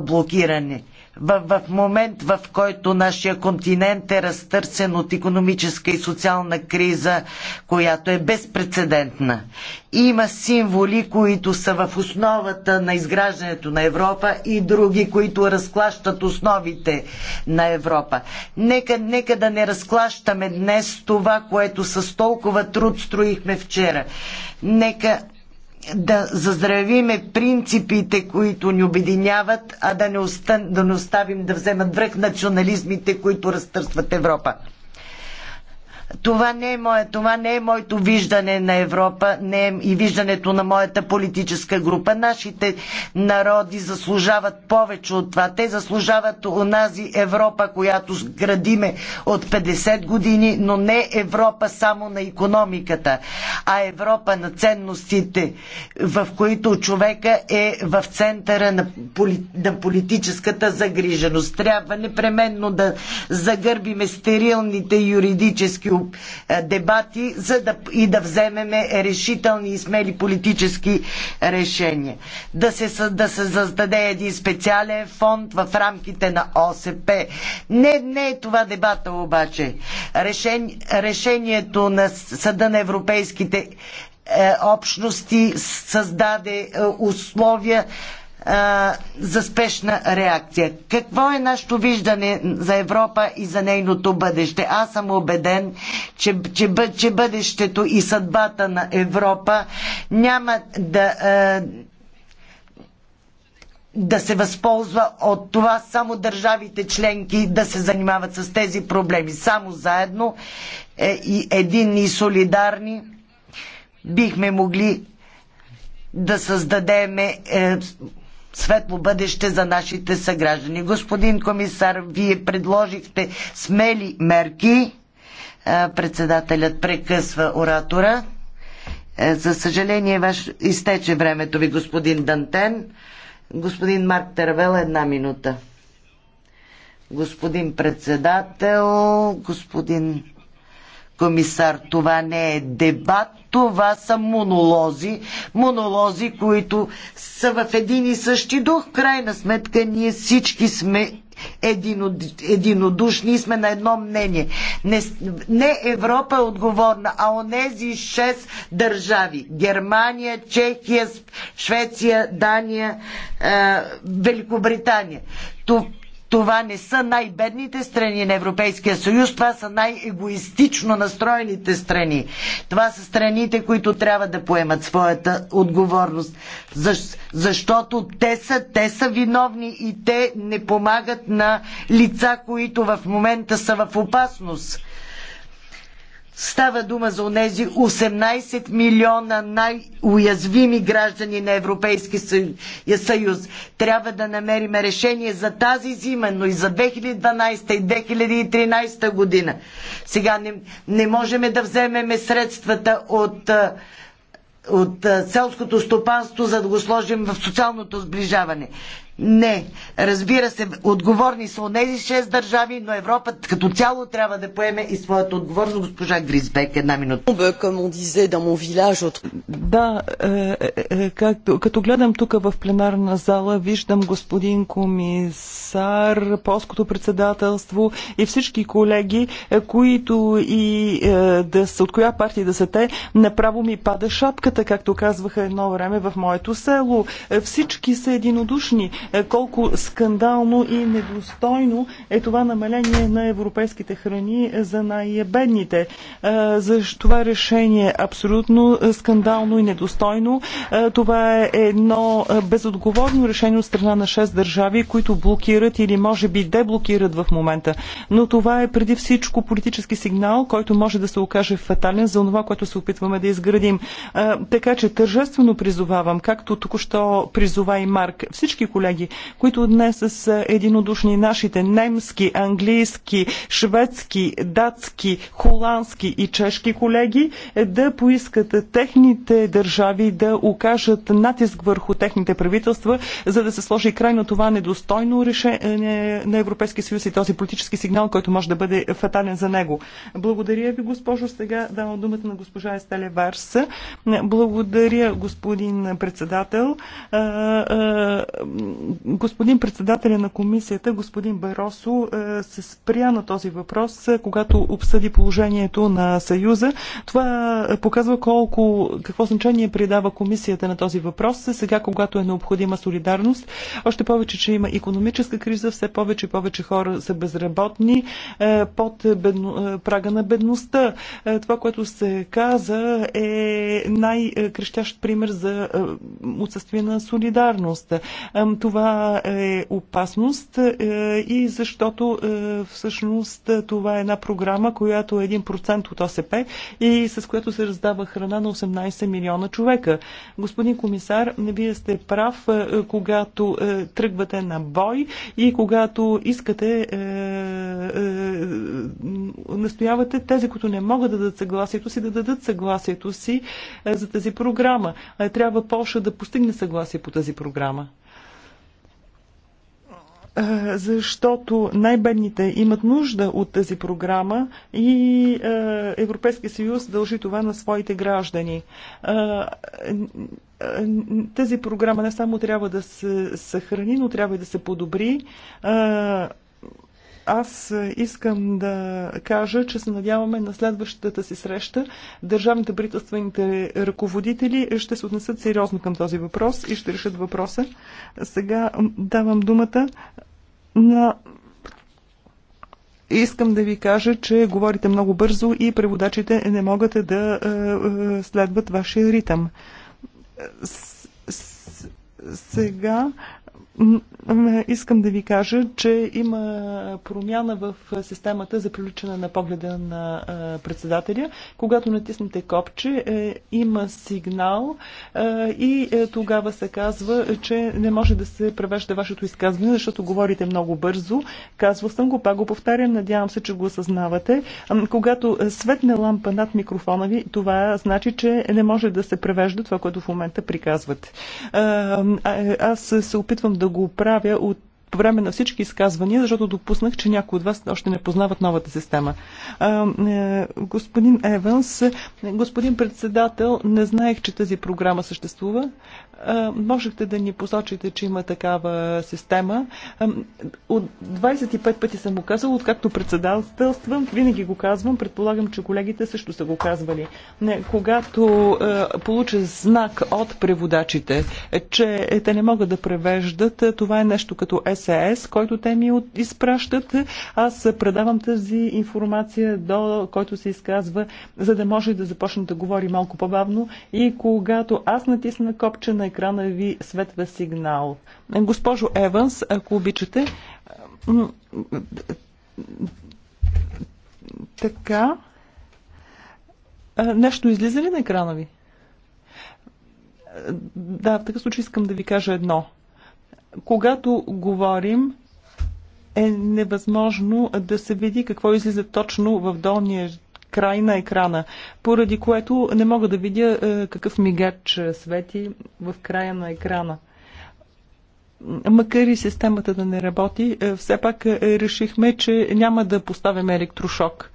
блокиране в, в момент, в който нашия континент е разтърсен от економическа и социална криза, която е безпредседентна. Има символи, които са в основата на изграждането на Европа и други, които разклащат основите на Европа. Нека, нека да не разклащаме днес това, което с толкова труд строихме вчера. Нека да заздравиме принципите, които ни обединяват, а да не, остан, да не оставим да вземат връх национализмите, които разтърсват Европа. Това не, е мое, това не е моето виждане на Европа, не е и виждането на моята политическа група. Нашите народи заслужават повече от това. Те заслужават онази Европа, която градиме от 50 години, но не Европа само на економиката, а Европа на ценностите, в които човека е в центъра на, поли, на политическата загриженост. Трябва непременно да загърбиме стерилните юридически е, дебати за да, и да вземем решителни и смели политически решения. Да се, да се създаде един специален фонд в рамките на ОСП. Не, не е това дебата обаче. Решен, решението на Съда на европейските е, общности създаде е, условия за спешна реакция. Какво е нашето виждане за Европа и за нейното бъдеще? Аз съм убеден, че, че, че бъдещето и съдбата на Европа няма да. да се възползва от това само държавите членки да се занимават с тези проблеми. Само заедно, е, и единни и солидарни, бихме могли да създадем е, светло бъдеще за нашите съграждани. Господин комисар, вие предложихте смели мерки. Е, председателят прекъсва оратора. Е, за съжаление, ваш... изтече времето ви, господин Дантен. Господин Марк Тервел, една минута. Господин председател, господин комисар. Това не е дебат, това са монолози. Монолози, които са в един и същи дух. В крайна сметка ние всички сме единодушни и сме на едно мнение. Не, не Европа е отговорна, а онези шест държави Германия, Чехия, Швеция, Дания, е, Великобритания. Това не са най-бедните страни на Европейския съюз, това са най-егоистично настроените страни. Това са страните, които трябва да поемат своята отговорност, защото те са, те са виновни и те не помагат на лица, които в момента са в опасност. Става дума за онези 18 милиона най-уязвими граждани на Европейски съюз. Трябва да намерим решение за тази зима, но и за 2012 и 2013 година. Сега не, не можем да вземеме средствата от, от селското стопанство, за да го сложим в социалното сближаване. Не. Разбира се, отговорни са от тези шест държави, но Европа като цяло трябва да поеме и своята отговорност. Госпожа Гризбек, една минута. Да, е, е, е, както, като гледам тук в пленарна зала, виждам господин комисар, полското председателство и всички колеги, които и да са от коя партия да са те, направо ми пада шапката, както казваха едно време в моето село. Всички са единодушни е, колко скандално и недостойно е това намаление на европейските храни за най-бедните. Е, за това решение е абсолютно скандално и недостойно. Това е едно безотговорно решение от страна на 6 държави, които блокират или може би деблокират в момента. Но това е преди всичко политически сигнал, който може да се окаже фатален за това, което се опитваме да изградим. Така че тържествено призовавам, както току-що призова и Марк, всички колеги колеги, които днес са единодушни нашите немски, английски, шведски, датски, холандски и чешки колеги, е да поискат техните държави да окажат натиск върху техните правителства, за да се сложи край на това недостойно решение на Европейския съюз и този политически сигнал, който може да бъде фатален за него. Благодаря ви, госпожо. Сега давам думата на госпожа Естеле Варса. Благодаря, господин председател господин председателя на комисията, господин Баросо, е, се спря на този въпрос, е, когато обсъди положението на Съюза. Това показва колко, какво значение придава комисията на този въпрос, е, сега когато е необходима солидарност. Още повече, че има економическа криза, все повече и повече хора са безработни под бедно, прага на бедността. Това, което се каза, е най-крещящ пример за отсъствие на солидарност. Това това е опасност е, и защото е, всъщност е, това е една програма, която е 1% от ОСП и с която се раздава храна на 18 милиона човека. Господин комисар, вие сте прав, когато тръгвате на бой и когато искате настоявате тези, които не могат да дадат съгласието си, да дадат съгласието си за тази програма. Трябва Польша да постигне съгласие по тази програма защото най-бедните имат нужда от тази програма и Европейския съюз дължи това на своите граждани. Тази програма не само трябва да се съхрани, но трябва и да се подобри. Аз искам да кажа, че се надяваме на следващата си среща държавните правителствените ръководители ще се отнесат сериозно към този въпрос и ще решат въпроса. Сега давам думата на Искам да ви кажа, че говорите много бързо и преводачите не могат да е, е, следват вашия ритъм. С, с, сега Искам да ви кажа, че има промяна в системата за приличане на погледа на председателя. Когато натиснете копче, е, има сигнал и е, тогава се казва, че не може да се превежда вашето изказване, защото говорите много бързо. Казвал съм го, пак го повтарям, надявам се, че го осъзнавате. Когато светне лампа над микрофона ви, това значи, че не може да се превежда това, което в момента приказвате. Е, аз се опитвам да да го оправя от по време на всички изказвания, защото допуснах, че някои от вас още не познават новата система. Е, господин Еванс, господин председател, не знаех, че тази програма съществува. Можехте да ни посочите, че има такава система. От 25 пъти съм го казал, откакто председателствам, винаги го казвам, предполагам, че колегите също са го казвали. Не, когато получа знак от преводачите, че те не могат да превеждат, това е нещо като СС, който те ми изпращат. Аз предавам тази информация до който се изказва, за да може да започне да говори малко по-бавно. И когато аз натисна копче на екрана, ви светва сигнал. Госпожо Еванс, ако обичате. Така. Нещо излиза ли на екрана ви? Да, в такъв случай искам да ви кажа едно когато говорим, е невъзможно да се види какво излиза точно в долния край на екрана, поради което не мога да видя е, какъв мигач е, свети в края на екрана. Макар и системата да не работи, е, все пак решихме, че няма да поставяме електрошок.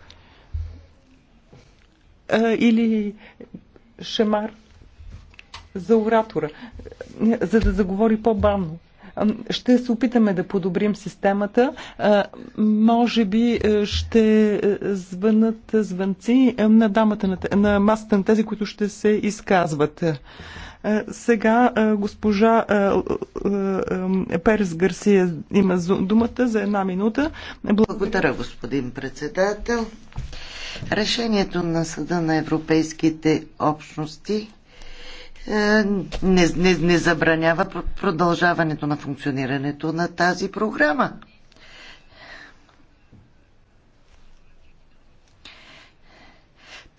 Или шемар за оратора, за да заговори по-бавно. Ще се опитаме да подобрим системата. Може би е, ще е, звънат звънци е, на, дамата, на, на масата на тези, които ще се изказват. Сега госпожа Перес Гарсия има думата за една минута. Благодаря, господин председател. Решението на Съда на Европейските общности е, не, не, не забранява продължаването на функционирането на тази програма.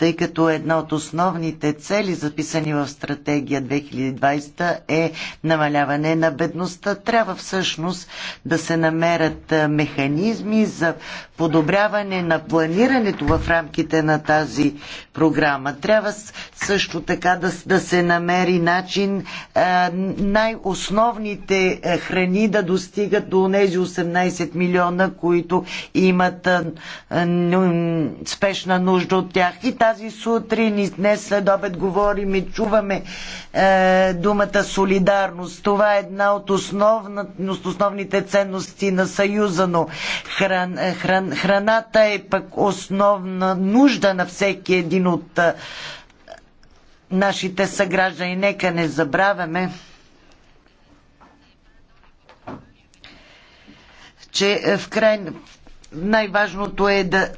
тъй като една от основните цели, записани в стратегия 2020, е намаляване на бедността. Трябва всъщност да се намерят механизми за подобряване на планирането в рамките на тази програма. Трябва също така да, да се намери начин най-основните храни да достигат до тези 18 милиона, които имат спешна нужда от тях. И тази тази сутрин и днес след обед говорим и чуваме е, думата солидарност. Това е една от основна, основните ценности на Съюза, но хран, е, хран, храната е пък основна нужда на всеки един от е, нашите съграждани. Нека не забравяме. че е, в край най-важното е да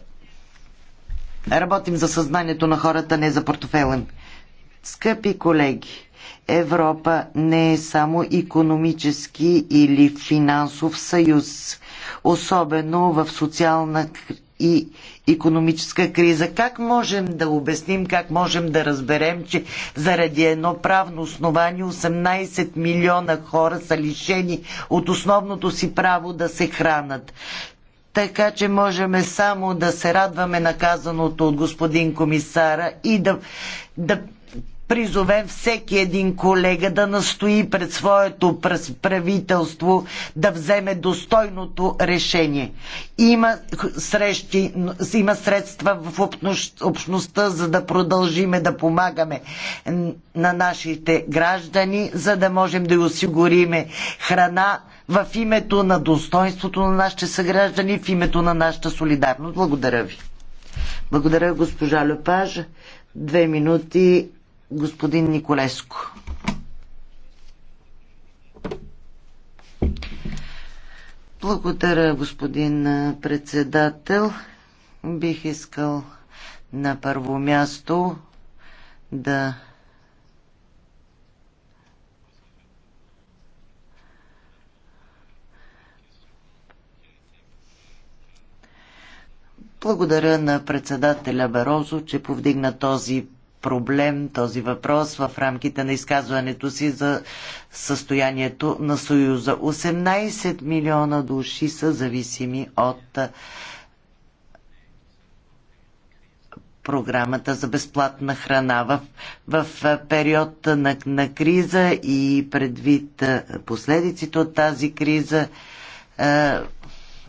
работим за съзнанието на хората, не за портофела. Скъпи колеги, Европа не е само економически или финансов съюз, особено в социална и економическа криза. Как можем да обясним, как можем да разберем, че заради едно правно основание 18 милиона хора са лишени от основното си право да се хранат? така че можем само да се радваме на казаното от господин комисара и да, да призовем всеки един колега да настои пред своето правителство да вземе достойното решение. Има, срещи, има средства в общността, за да продължиме да помагаме на нашите граждани, за да можем да осигуриме храна, в името на достоинството на нашите съграждани, в името на нашата солидарност. Благодаря ви. Благодаря, госпожа Лепаж. Две минути, господин Николеско. Благодаря, господин председател. Бих искал на първо място да Благодаря на председателя Барозо, че повдигна този проблем, този въпрос в рамките на изказването си за състоянието на Съюза. 18 милиона души са зависими от програмата за безплатна храна в, в период на, на криза и предвид последиците от тази криза е,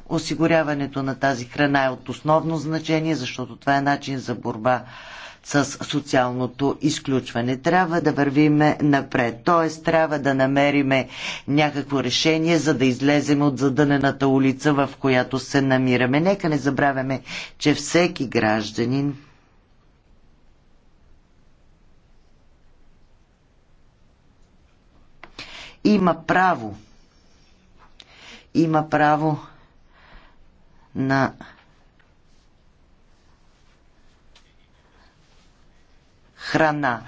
Осигуряването на тази храна е от основно значение, защото това е начин за борба с социалното изключване. Трябва да вървиме напред. Т.е. трябва да намериме някакво решение, за да излезем от задънената улица, в която се намираме. Нека не забравяме, че всеки гражданин има право има право на храна.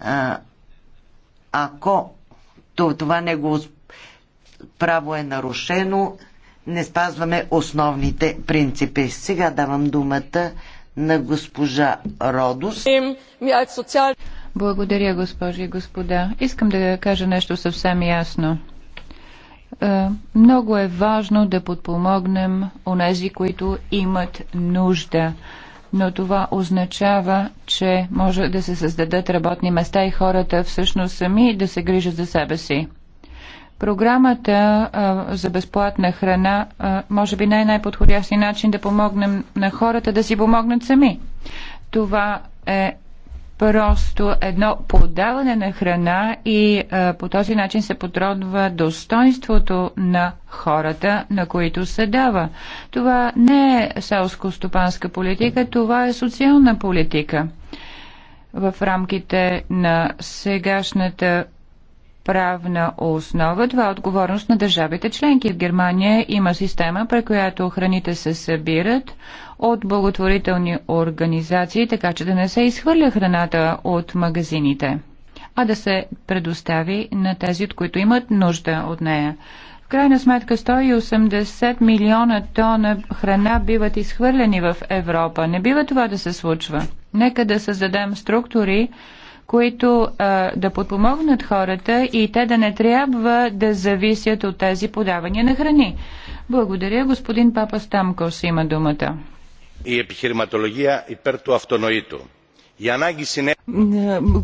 А, ако това негово право е нарушено, не спазваме основните принципи. Сега давам думата на госпожа Родос. Благодаря, госпожи и господа. Искам да кажа нещо съвсем ясно. Е, много е важно да подпомогнем онези, които имат нужда. Но това означава, че може да се създадат работни места и хората всъщност сами да се грижат за себе си. Програмата а, за безплатна храна а, може би най най-подходящи начин да помогнем на хората да си помогнат сами. Това е просто едно подаване на храна и а, по този начин се потродва достоинството на хората, на които се дава. Това не е селско-стопанска политика, това е социална политика. В рамките на сегашната правна основа. Това е отговорност на държавите членки. В Германия има система, при която храните се събират от благотворителни организации, така че да не се изхвърля храната от магазините, а да се предостави на тези, от които имат нужда от нея. В крайна сметка 180 милиона тона храна биват изхвърлени в Европа. Не бива това да се случва. Нека да създадем структури, които а, да подпомогнат хората и те да не трябва да зависят от тези подавания на храни. Благодаря. Господин Папа Стамкос има думата. Η επιχειρηματολογία υπέρ του αυτονοήτου.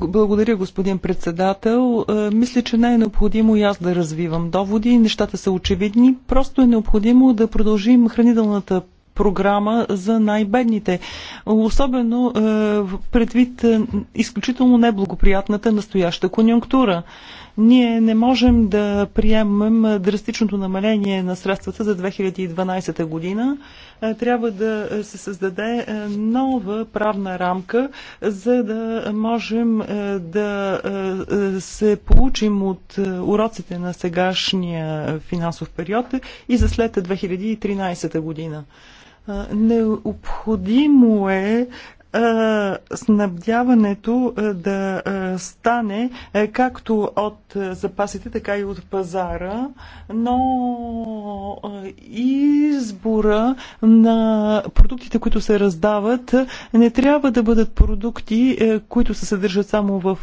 Благодаря, господин председател. Е, мисля, че не е необходимо и аз да развивам доводи. Нещата са очевидни. Просто е необходимо да продължим хранителната програма за най-бедните. Особено е, предвид е, изключително неблагоприятната настояща конюнктура. Ние не можем да приемем драстичното намаление на средствата за 2012 година. Е, трябва да се създаде нова правна рамка, за да можем да се получим от уроците на сегашния финансов период и за след 2013 година. Необходимо е снабдяването да стане както от запасите, така и от пазара, но избора на продуктите, които се раздават, не трябва да бъдат продукти, които се съдържат само в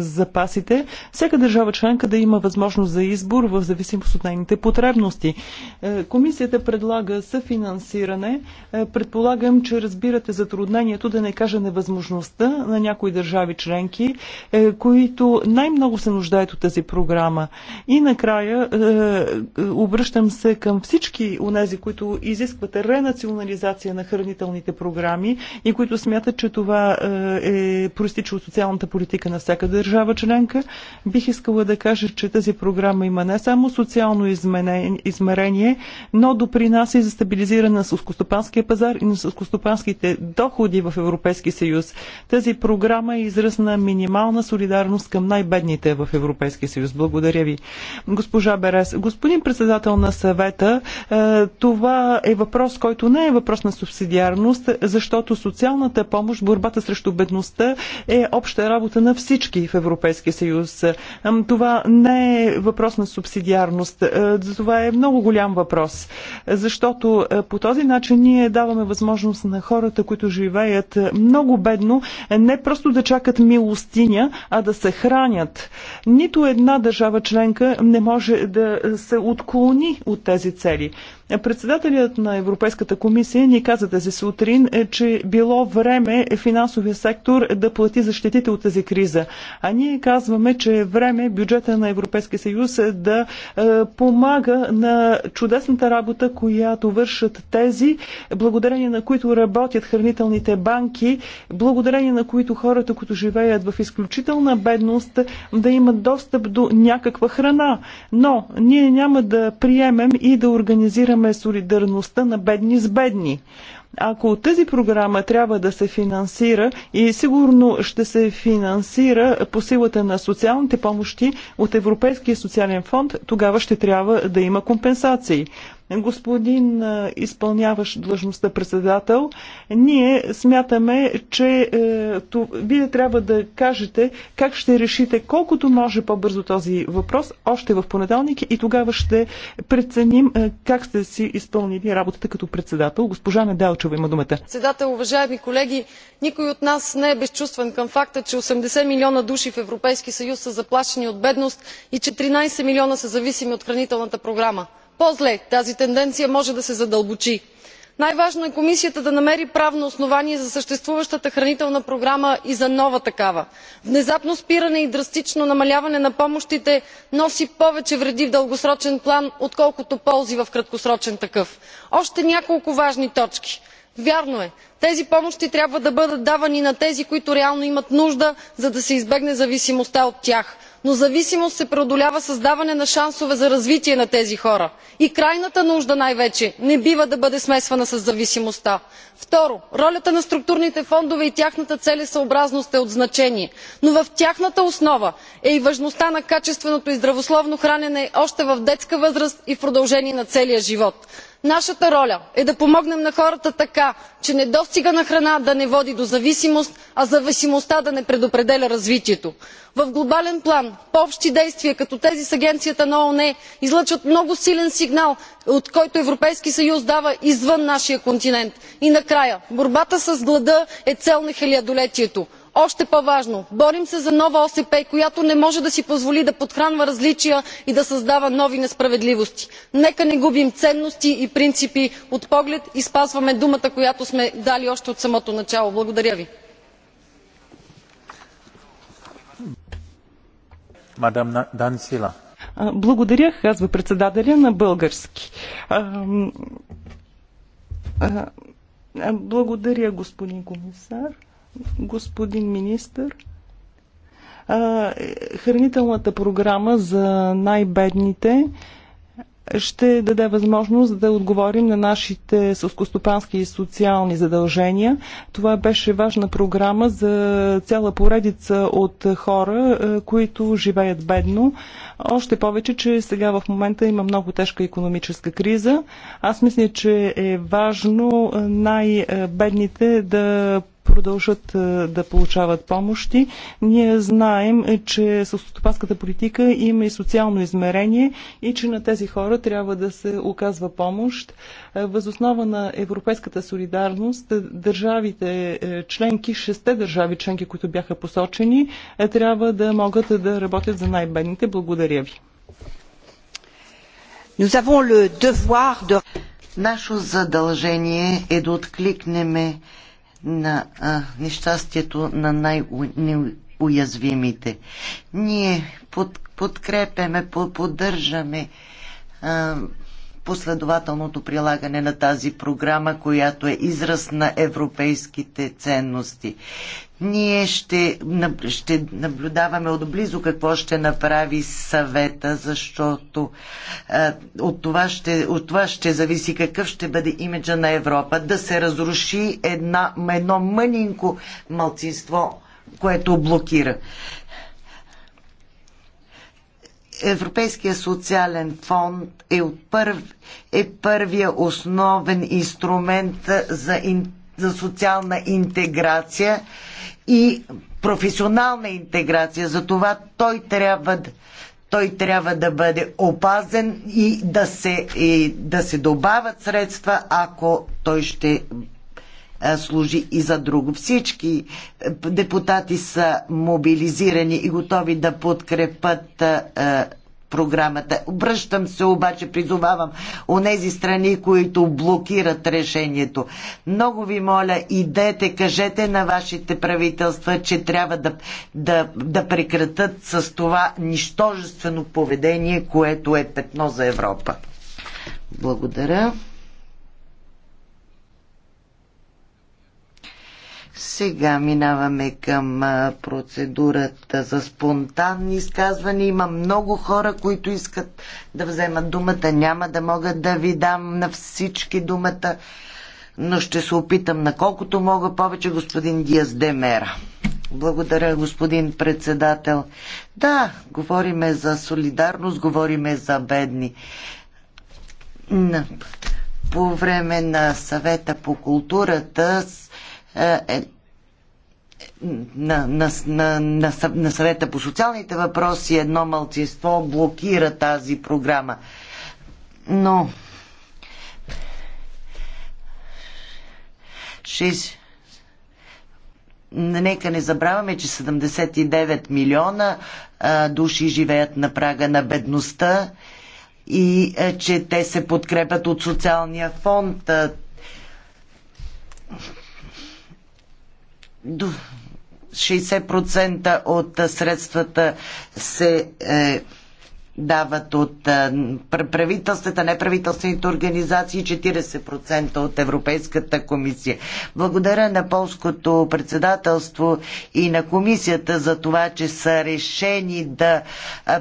запасите. Всяка държава членка да има възможност за избор в зависимост от нейните потребности. Комисията предлага съфинансиране. Предполагам, че разбирате затруднението който да не кажа невъзможността на някои държави членки, е, които най-много се нуждаят от тази програма. И накрая е, е, обръщам се към всички тези, които изискват ренационализация на хранителните програми и които смятат, че това е, проистича от социалната политика на всяка държава членка. Бих искала да кажа, че тази програма има не само социално измерение, но допринася и за стабилизиране на сълскостопанския пазар и на сълскостопанските доходи в в съюз. Тази програма е израз на минимална солидарност към най-бедните в Европейския съюз. Благодаря ви. Госпожа Берес, господин председател на съвета, е, това е въпрос, който не е въпрос на субсидиарност, защото социалната помощ, борбата срещу бедността е обща работа на всички в Европейския съюз. Е, това не е въпрос на субсидиарност. Е, това е много голям въпрос, защото по този начин ние даваме възможност на хората, които живеят живеят много бедно, не просто да чакат милостиня, а да се хранят. Нито една държава членка не може да се отклони от тези цели. Председателят на Европейската комисия ни каза тази сутрин, е, че било време финансовия сектор да плати защитите от тази криза. А ние казваме, че е време бюджета на Европейския съюз е да е, помага на чудесната работа, която вършат тези, благодарение на които работят хранителните банки, благодарение на които хората, които живеят в изключителна бедност, да имат достъп до някаква храна. Но ние няма да приемем и да организираме гарантираме солидарността на бедни с бедни. Ако тази програма трябва да се финансира и сигурно ще се финансира по силата на социалните помощи от Европейския социален фонд, тогава ще трябва да има компенсации господин изпълняващ длъжността председател, ние смятаме, че е, то, вие трябва да кажете как ще решите колкото може по-бързо този въпрос, още в понеделник и тогава ще преценим е, как сте си изпълнили работата като председател. Госпожа Неделчева има думата. Председател, уважаеми колеги, никой от нас не е безчувствен към факта, че 80 милиона души в Европейски съюз са заплашени от бедност и 14 милиона са зависими от хранителната програма по зле тази тенденция може да се задълбочи. най важно е комисията да намери правно основание за съществуващата хранителна програма и за нова такава. внезапно спиране и драстично намаляване на помощите носи повече вреди в дългосрочен план отколкото ползи в краткосрочен такъв. още няколко важни точки. вярно е тези помощи трябва да бъдат давани на тези които реално имат нужда за да се избегне зависимостта от тях но зависимост се преодолява с даване на шансове за развитие на тези хора и крайната нужда най вече не бива да бъде смесвана със зависимостта. второ ролята на структурните фондове и тяхната целесъобразност е от значение но в тяхната основа е и важността на качественото и здравословно хранене още в детска възраст и в продължение на целия живот нашата роля е да помогнем на хората така че недостигът на храна да не води до зависимост а зависимостта да не предопределя развитието. в глобален план по общи действия като тези с агенцията на оон излъчват много силен сигнал който европейският съюз дава извън нашия континент. и накрая борбата с глада е цел на хилядолетието още по важно борим се за нова осп която не може да си позволи да подхранва различия и да създава нови несправедливости. нека не губим ценности и принципи от поглед и спазваме думата която сме дали още от самото начало. благодаря ви. Благодаря, казва председателя на български. Благодаря, господин комисар господин министр. Хранителната програма за най-бедните ще даде възможност да отговорим на нашите сълскостопански и социални задължения. Това беше важна програма за цяла поредица от хора, които живеят бедно. Още повече, че сега в момента има много тежка економическа криза. Аз мисля, че е важно най-бедните да продължат е, да получават помощи. Ние знаем, е, че съсотопаската политика има и социално измерение и че на тези хора трябва да се оказва помощ. Е, Възоснова на европейската солидарност държавите членки, шесте държави членки, които бяха посочени, трябва да могат да работят за най-бедните. Благодаря ви. Nous avons le devoir de... Наше задължение е да откликнеме на а, нещастието на най-уязвимите. Ние под, подкрепяме, поддържаме а, последователното прилагане на тази програма, която е израз на европейските ценности. Ние ще, ще наблюдаваме отблизо какво ще направи съвета, защото а, от, това ще, от това ще зависи какъв ще бъде имиджа на Европа. Да се разруши една, едно мънинко малцинство, което блокира. Европейския социален фонд е, първ, е първия основен инструмент за, ин, за социална интеграция и професионална интеграция. Затова той трябва да той трябва да бъде опазен и да се, и да се добавят средства, ако той ще е, служи и за друго. Всички е, депутати са мобилизирани и готови да подкрепят е, програмата. Обръщам се обаче, призовавам у нези страни, които блокират решението. Много ви моля, идете, кажете на вашите правителства, че трябва да, да, да прекратат с това нищожествено поведение, което е петно за Европа. Благодаря. Сега минаваме към процедурата за спонтанни изказвания. Има много хора, които искат да вземат думата. Няма да могат да ви дам на всички думата, но ще се опитам наколкото мога повече господин Диас Демера. Благодаря, господин председател. Да, говориме за солидарност, говориме за бедни. По време на съвета по културата е, е, на, на, на, на, на съвета по социалните въпроси едно мълчество блокира тази програма. Но Шиз, нека не забравяме, че 79 милиона а, души живеят на прага на бедността и а, е, че те се подкрепят от социалния фонд. А, 60% от средствата се е, дават от е, правителствата, неправителствените организации, 40% от Европейската комисия. Благодаря на полското председателство и на комисията за това, че са решени да е,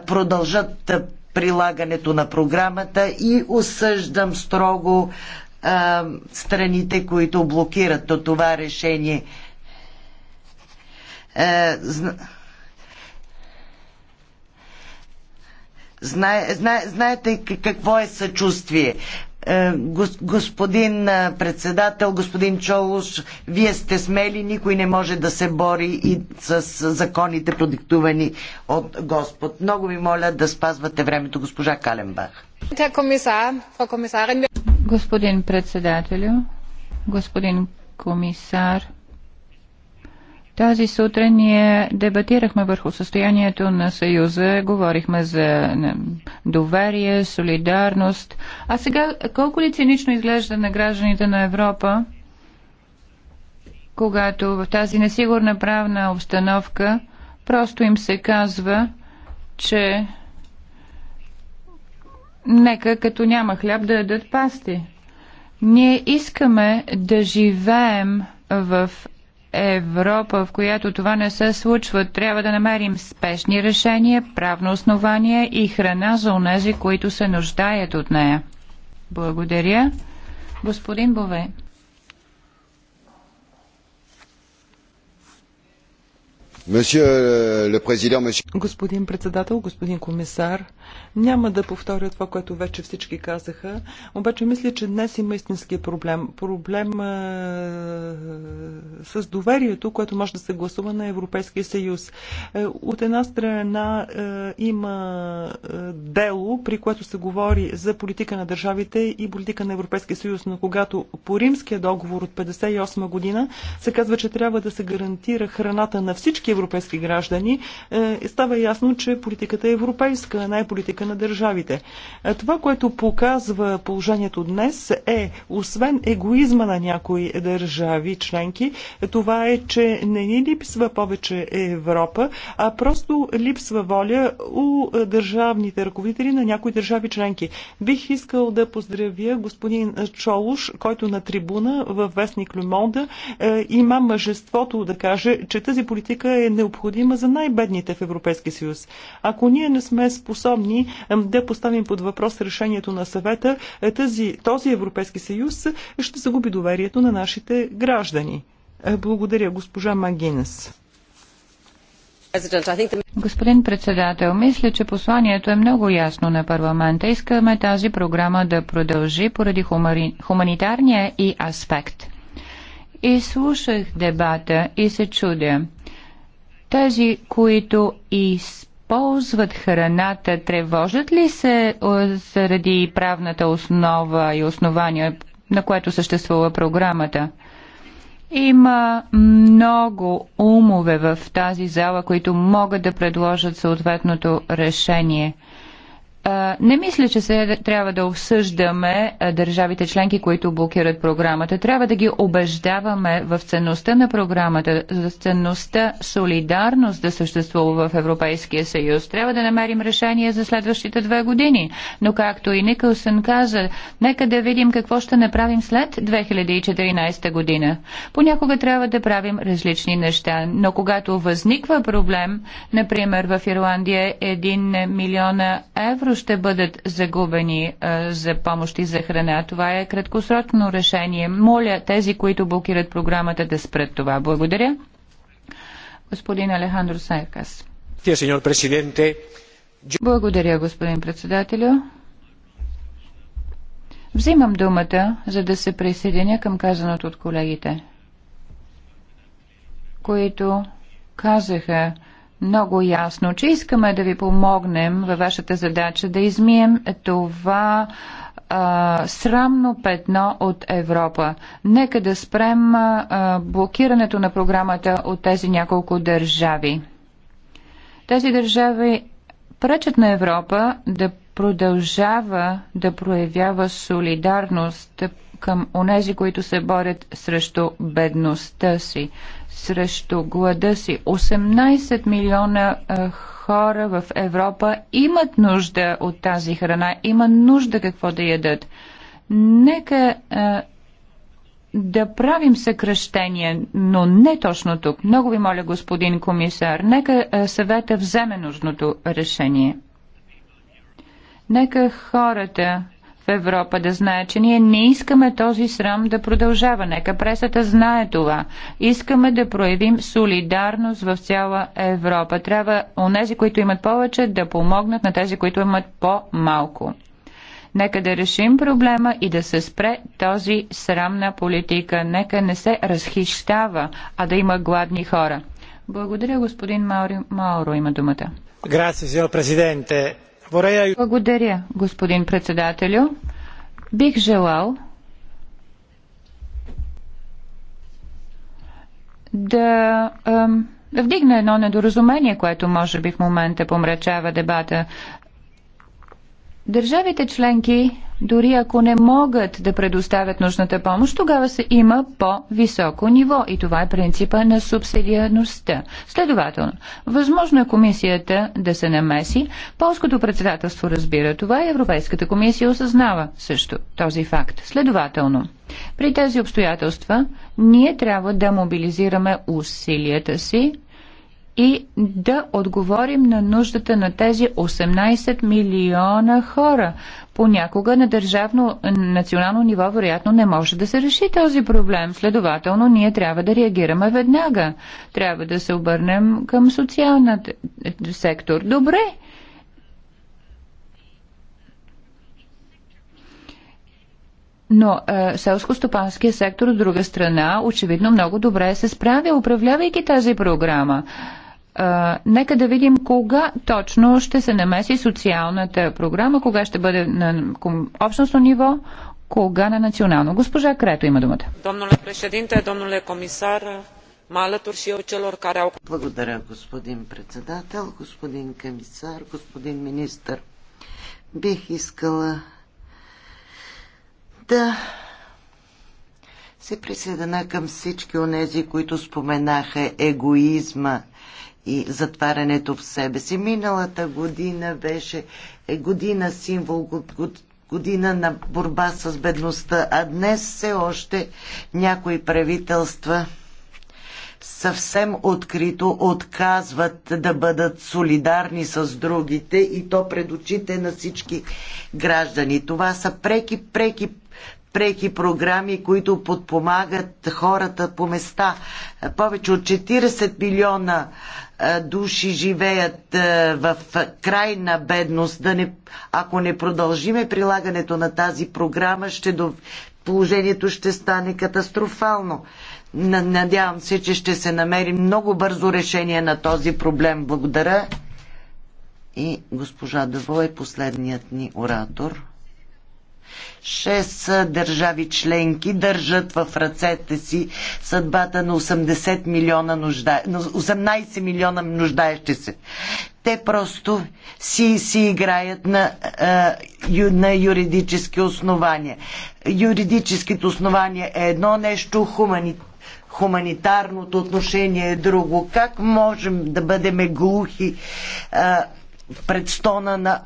продължат прилагането на програмата и осъждам строго е, страните, които блокират от това решение. Е, знае, зна... знаете какво е съчувствие. Е, господин е, председател, господин Чолуш, вие сте смели, никой не може да се бори и с законите, продиктувани от Господ. Много ви моля да спазвате времето, госпожа Каленбах. Господин председател, господин комисар, тази сутрин ние дебатирахме върху състоянието на Съюза, говорихме за доверие, солидарност. А сега колко ли цинично изглежда на гражданите на Европа, когато в тази несигурна правна обстановка просто им се казва, че нека като няма хляб да ядат пасти. Ние искаме да живеем в Европа, в която това не се случва, трябва да намерим спешни решения, правно основание и храна за онези, които се нуждаят от нея. Благодаря. Господин Бове. Господин председател, господин комисар, няма да повторя това, което вече всички казаха, обаче мисля, че днес има истински проблем. Проблем е, с доверието, което може да се гласува на Европейския съюз. Е, от една страна е, има е, дело, при което се говори за политика на държавите и политика на Европейския съюз, но когато по римския договор от 1958 година се казва, че трябва да се гарантира храната на всички европейски граждани, е, става ясно, че политиката е европейска, а не е политика на държавите. Е, това, което показва положението днес е, освен егоизма на някои държави членки, е, това е, че не ни липсва повече Европа, а просто липсва воля у държавните ръководители на някои държави членки. Бих искал да поздравя господин Чолуш, който на трибуна във вестник Люмонда има мъжеството да каже, че тази политика е необходима за най-бедните в Европейския съюз. Ако ние не сме способни да поставим под въпрос решението на съвета, е, тази, този Европейски съюз ще загуби доверието на нашите граждани. Е, благодаря, госпожа Магинес. Господин председател, мисля, че посланието е много ясно на парламента. Искаме тази програма да продължи поради хумари... хуманитарния и аспект. И слушах дебата и се чудя. Тези, които използват храната, тревожат ли се е, заради правната основа и основания, на което съществува програмата? Има много умове в тази зала, които могат да предложат съответното решение – не мисля, че се трябва да обсъждаме държавите членки, които блокират програмата. Трябва да ги убеждаваме в ценността на програмата, за ценността солидарност да съществува в Европейския съюз. Трябва да намерим решение за следващите две години. Но както и Никълсън каза, нека да видим какво ще направим след 2014 година. Понякога трябва да правим различни неща, но когато възниква проблем, например в Ирландия 1 милиона евро, скоро ще бъдат загубени е, за помощи за храна. Това е краткосрочно решение. Моля тези, които блокират програмата, да спрат това. Благодаря. Господин Алехандро Сайркас. Благодаря, господин председателю. Взимам думата, за да се присъединя към казаното от колегите, които казаха, много ясно, че искаме да ви помогнем във вашата задача да измием това а, срамно петно от Европа. Нека да спрем а, блокирането на програмата от тези няколко държави. Тези държави пречат на Европа да продължава да проявява солидарност към онези, които се борят срещу бедността си срещу глада си. 18 милиона а, хора в Европа имат нужда от тази храна, има нужда какво да ядат. Нека а, да правим съкръщение, но не точно тук. Много ви моля, господин комисар, нека съвета вземе нужното решение. Нека хората Европа да знае, че ние не искаме този срам да продължава. Нека пресата знае това. Искаме да проявим солидарност в цяла Европа. Трябва у нези, които имат повече, да помогнат на тези, които имат по-малко. Нека да решим проблема и да се спре този срамна политика. Нека не се разхищава, а да има гладни хора. Благодаря, господин Мауро. Мауро има думата. Grazie, signor Presidente. Благодаря, господин председателю. Бих желал да. Ам, вдигна едно недоразумение, което може би в момента помрачава дебата. Държавите членки, дори ако не могат да предоставят нужната помощ, тогава се има по-високо ниво и това е принципа на субсидиарността. Следователно, възможно е комисията да се намеси, полското председателство разбира това и Европейската комисия осъзнава също този факт. Следователно, при тези обстоятелства ние трябва да мобилизираме усилията си и да отговорим на нуждата на тези 18 милиона хора. Понякога на държавно, национално ниво вероятно не може да се реши този проблем. Следователно, ние трябва да реагираме веднага. Трябва да се обърнем към социалният е, сектор. Добре, Но е, селско-стопанския сектор, от друга страна, очевидно много добре е се справя, управлявайки тази програма а, нека да видим кога точно ще се намеси социалната програма, кога ще бъде на общностно ниво, кога на национално. Госпожа Крето има думата. Домнуле președинте, домнуле комисар, mă alătur și eu celor care au... Благодаря, господин председател, господин комисар, господин министр. Бих искала да се присъединя към всички онези, които споменаха егоизма и затварянето в себе си. Миналата година беше е, година символ, година на борба с бедността, а днес все още някои правителства съвсем открито отказват да бъдат солидарни с другите и то пред очите на всички граждани. Това са преки, преки преки програми, които подпомагат хората по места. Повече от 40 милиона души живеят в крайна бедност, да не, ако не продължиме прилагането на тази програма, ще до, положението ще стане катастрофално. Надявам се, че ще се намери много бързо решение на този проблем. Благодаря. И госпожа Дъво е последният ни оратор. Шест държави членки държат в ръцете си съдбата на 80 милиона нужда... 18 милиона нуждаещи се. Те просто си, си играят на, на юридически основания. Юридическите основания е едно нещо, хуманитарно хуманитарното отношение е друго. Как можем да бъдем глухи а, пред стона на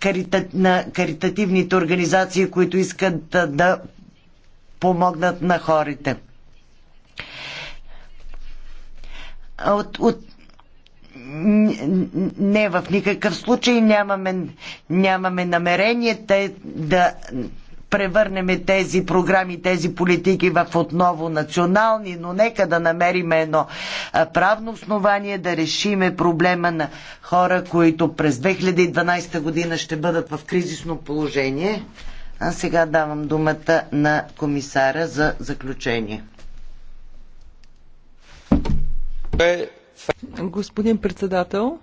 карита, на каритативните организации, които искат да, да помогнат на хората. От, от, не, в никакъв случай нямаме, нямаме намерение да превърнем тези програми, тези политики в отново национални, но нека да намерим едно правно основание да решиме проблема на хора, които през 2012 година ще бъдат в кризисно положение. А сега давам думата на комисара за заключение. Господин председател,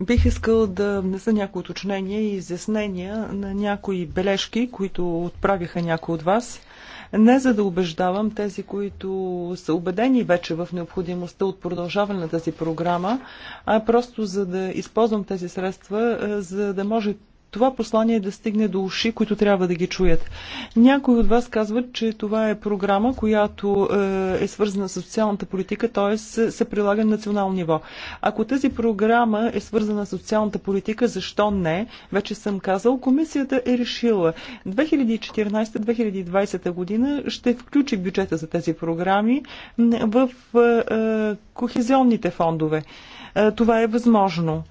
Бих искал да внеса някои уточнения и изяснения на някои бележки, които отправиха някои от вас. Не за да убеждавам тези, които са убедени вече в необходимостта от продължаване на тази програма, а просто за да използвам тези средства, за да може това послание да стигне до уши, които трябва да ги чуят. Някои от вас казват, че това е програма, която е, е свързана с социалната политика, т.е. се прилага на национално ниво. Ако тази програма е свързана с социалната политика, защо не? Вече съм казал, комисията е решила 2014-2020 година ще включи бюджета за тези програми в е, е, кохезионните фондове. Това е възможно.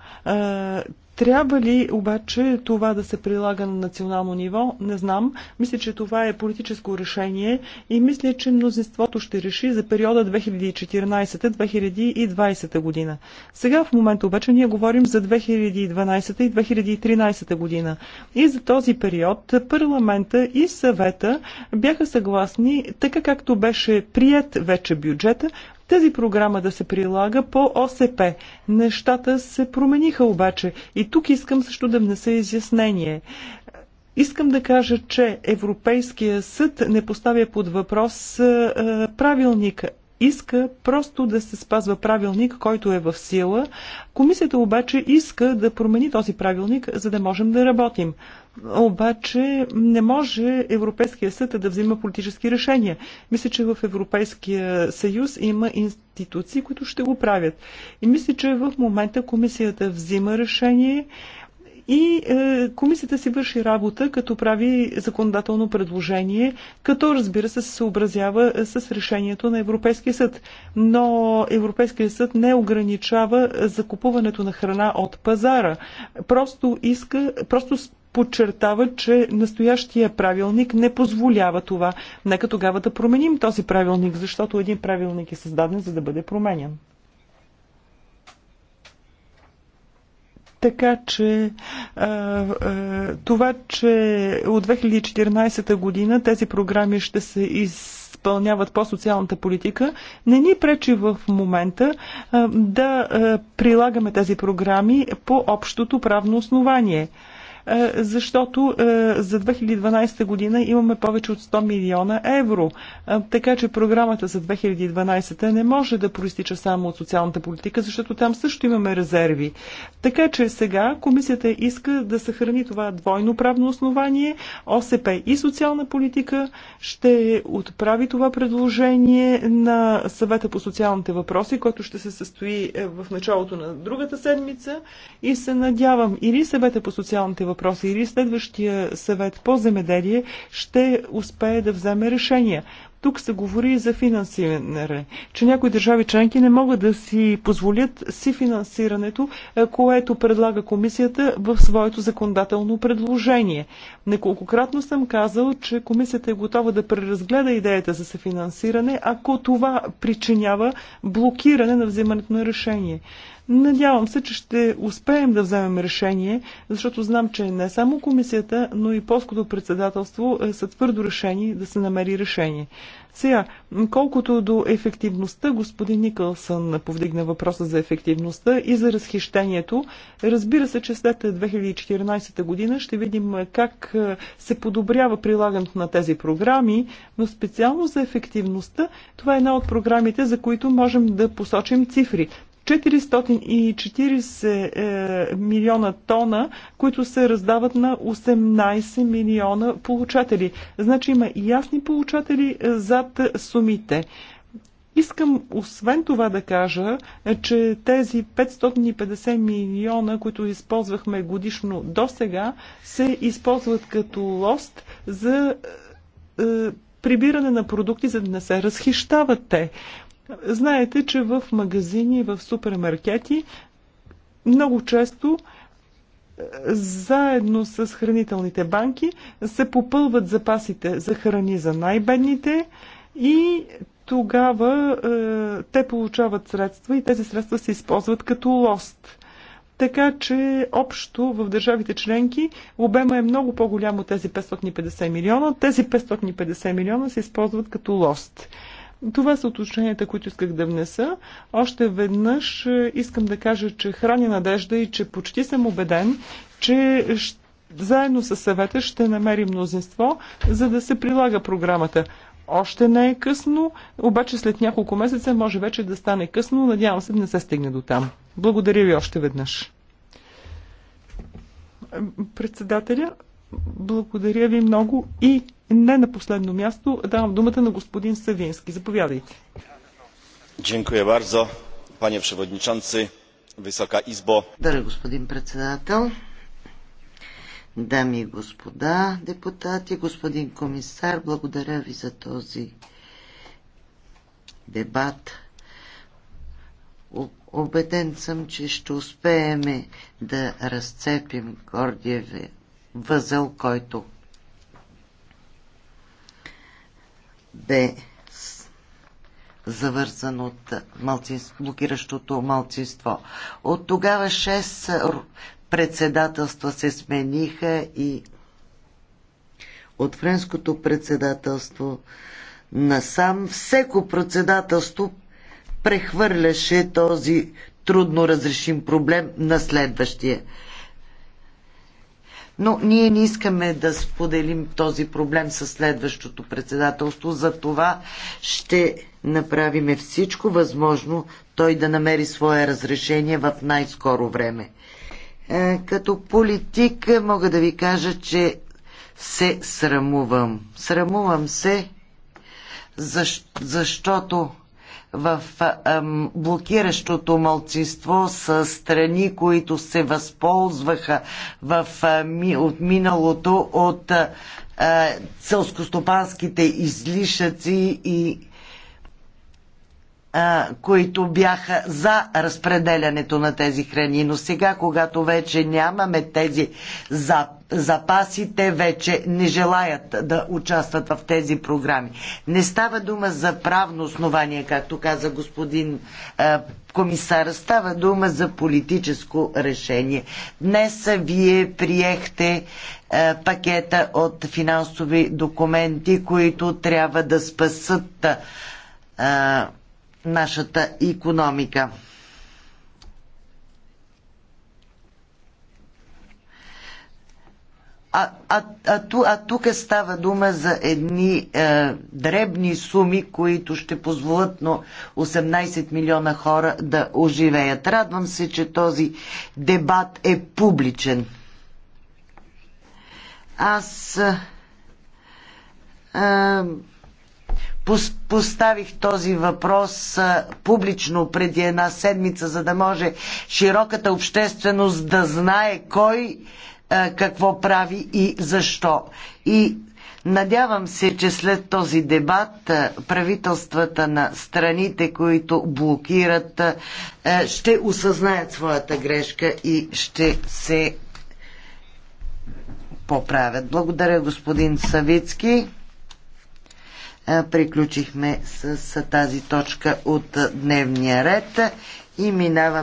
Трябва ли обаче това да се прилага на национално ниво? Не знам. Мисля, че това е политическо решение и мисля, че мнозинството ще реши за периода 2014-2020 година. Сега в момента обаче ние говорим за 2012 и 2013 година. И за този период парламента и съвета бяха съгласни, така както беше прият вече бюджета, тази програма да се прилага по ОСП. Нещата се промениха обаче и тук искам също да внеса изяснение. Искам да кажа, че Европейския съд не поставя под въпрос правилника иска просто да се спазва правилник, който е в сила. Комисията обаче иска да промени този правилник, за да можем да работим обаче не може Европейския съд да взима политически решения. Мисля, че в Европейския съюз има институции, които ще го правят. И мисля, че в момента комисията взима решение и е, комисията си върши работа, като прави законодателно предложение, като разбира се се съобразява е, с решението на Европейския съд. Но Европейския съд не ограничава е, закупуването на храна от пазара. Просто иска, просто подчертава, че настоящия правилник не позволява това. Нека тогава да променим този правилник, защото един правилник е създаден за да бъде променен. Така че а, а, това, че от 2014 година тези програми ще се изпълняват по социалната политика, не ни пречи в момента а, да а, прилагаме тези програми по общото правно основание. А, е, защото е, за 2012 година имаме повече от 100 милиона евро. Е, така че програмата за 2012 не може да проистича само от социалната политика, защото там също имаме резерви. Така че сега комисията иска да съхрани това двойно правно основание. ОСП и социална политика ще отправи това предложение на съвета по социалните въпроси, който ще се състои в началото на другата седмица и се надявам или съвета по социалните въпроси въпроса или следващия съвет по земеделие ще успее да вземе решения. Тук се говори за финансиране, че някои държави членки не могат да си позволят си финансирането, е, което предлага комисията в своето законодателно предложение. Неколкократно съм казал, че комисията е готова да преразгледа идеята за съфинансиране, ако това причинява блокиране на взимането на решение. Надявам се, че ще успеем да вземем решение, защото знам, че не само комисията, но и полското председателство е, са твърдо решени да се намери решение. Сега, колкото до ефективността, господин Никълсън повдигна въпроса за ефективността и за разхищението. Разбира се, че след 2014 година ще видим как е, се подобрява прилагането на тези програми, но специално за ефективността това е една от програмите, за които можем да посочим цифри. 440 е, милиона тона, които се раздават на 18 милиона получатели. Значи има ясни получатели е, зад сумите. Искам освен това да кажа, е, че тези 550 милиона, които използвахме годишно до сега, се използват като лост за е, прибиране на продукти, за да не се разхищават те. Знаете, че в магазини, в супермаркети много често е, заедно с хранителните банки се попълват запасите за храни за най-бедните и тогава е, те получават средства и тези средства се използват като лост. Така че общо в държавите членки обема е много по-голям от тези 550 милиона. Тези 550 милиона се използват като лост. Това са уточненията, които исках да внеса. Още веднъж е, искам да кажа, че храня надежда и че почти съм убеден, че заедно с съвета ще намерим мнозинство, за да се прилага програмата. Още не е късно, обаче след няколко месеца може вече да стане късно. Надявам се да не се стигне до там. Благодаря ви още веднъж. Председателя, благодаря ви много и не на последно място давам думата на господин Савински. Заповядайте. Dziękuję bardzo, panie przewodniczący, wysoka izbo. Благодаря, господин председател. Дами и господа депутати, господин комисар, благодаря ви за този дебат. Обеден съм, че ще успееме да разцепим гордиеве възъл, който бе завързан от малцинство, блокиращото малцинство. От тогава 6 председателства се смениха и от френското председателство насам всеко председателство прехвърляше този трудно разрешим проблем на следващия. Но ние не искаме да споделим този проблем с следващото председателство, за това ще направиме всичко възможно той да намери свое разрешение в най-скоро време. Е, като политик мога да ви кажа, че се срамувам. Срамувам се, защото в блокиращото мълцинство са страни, които се възползваха в, от миналото от селскостопанските излишъци и които бяха за разпределянето на тези храни. Но сега, когато вече нямаме тези запасите вече не желаят да участват в тези програми. Не става дума за правно основание, както каза господин е, комисар, става дума за политическо решение. Днес вие приехте е, пакета от финансови документи, които трябва да спасат е, нашата економика. а, а, а, а тук става дума за едни е, дребни суми, които ще позволят на 18 милиона хора да оживеят. Радвам се, че този дебат е публичен. Аз е, е поставих този въпрос е, публично преди една седмица, за да може широката общественост да знае кой е, какво прави и защо. И надявам се, че след този дебат е, правителствата на страните, които блокират, е, ще осъзнаят своята грешка и ще се поправят. Благодаря, господин Савицки. Приключихме с тази точка от дневния ред и минаваме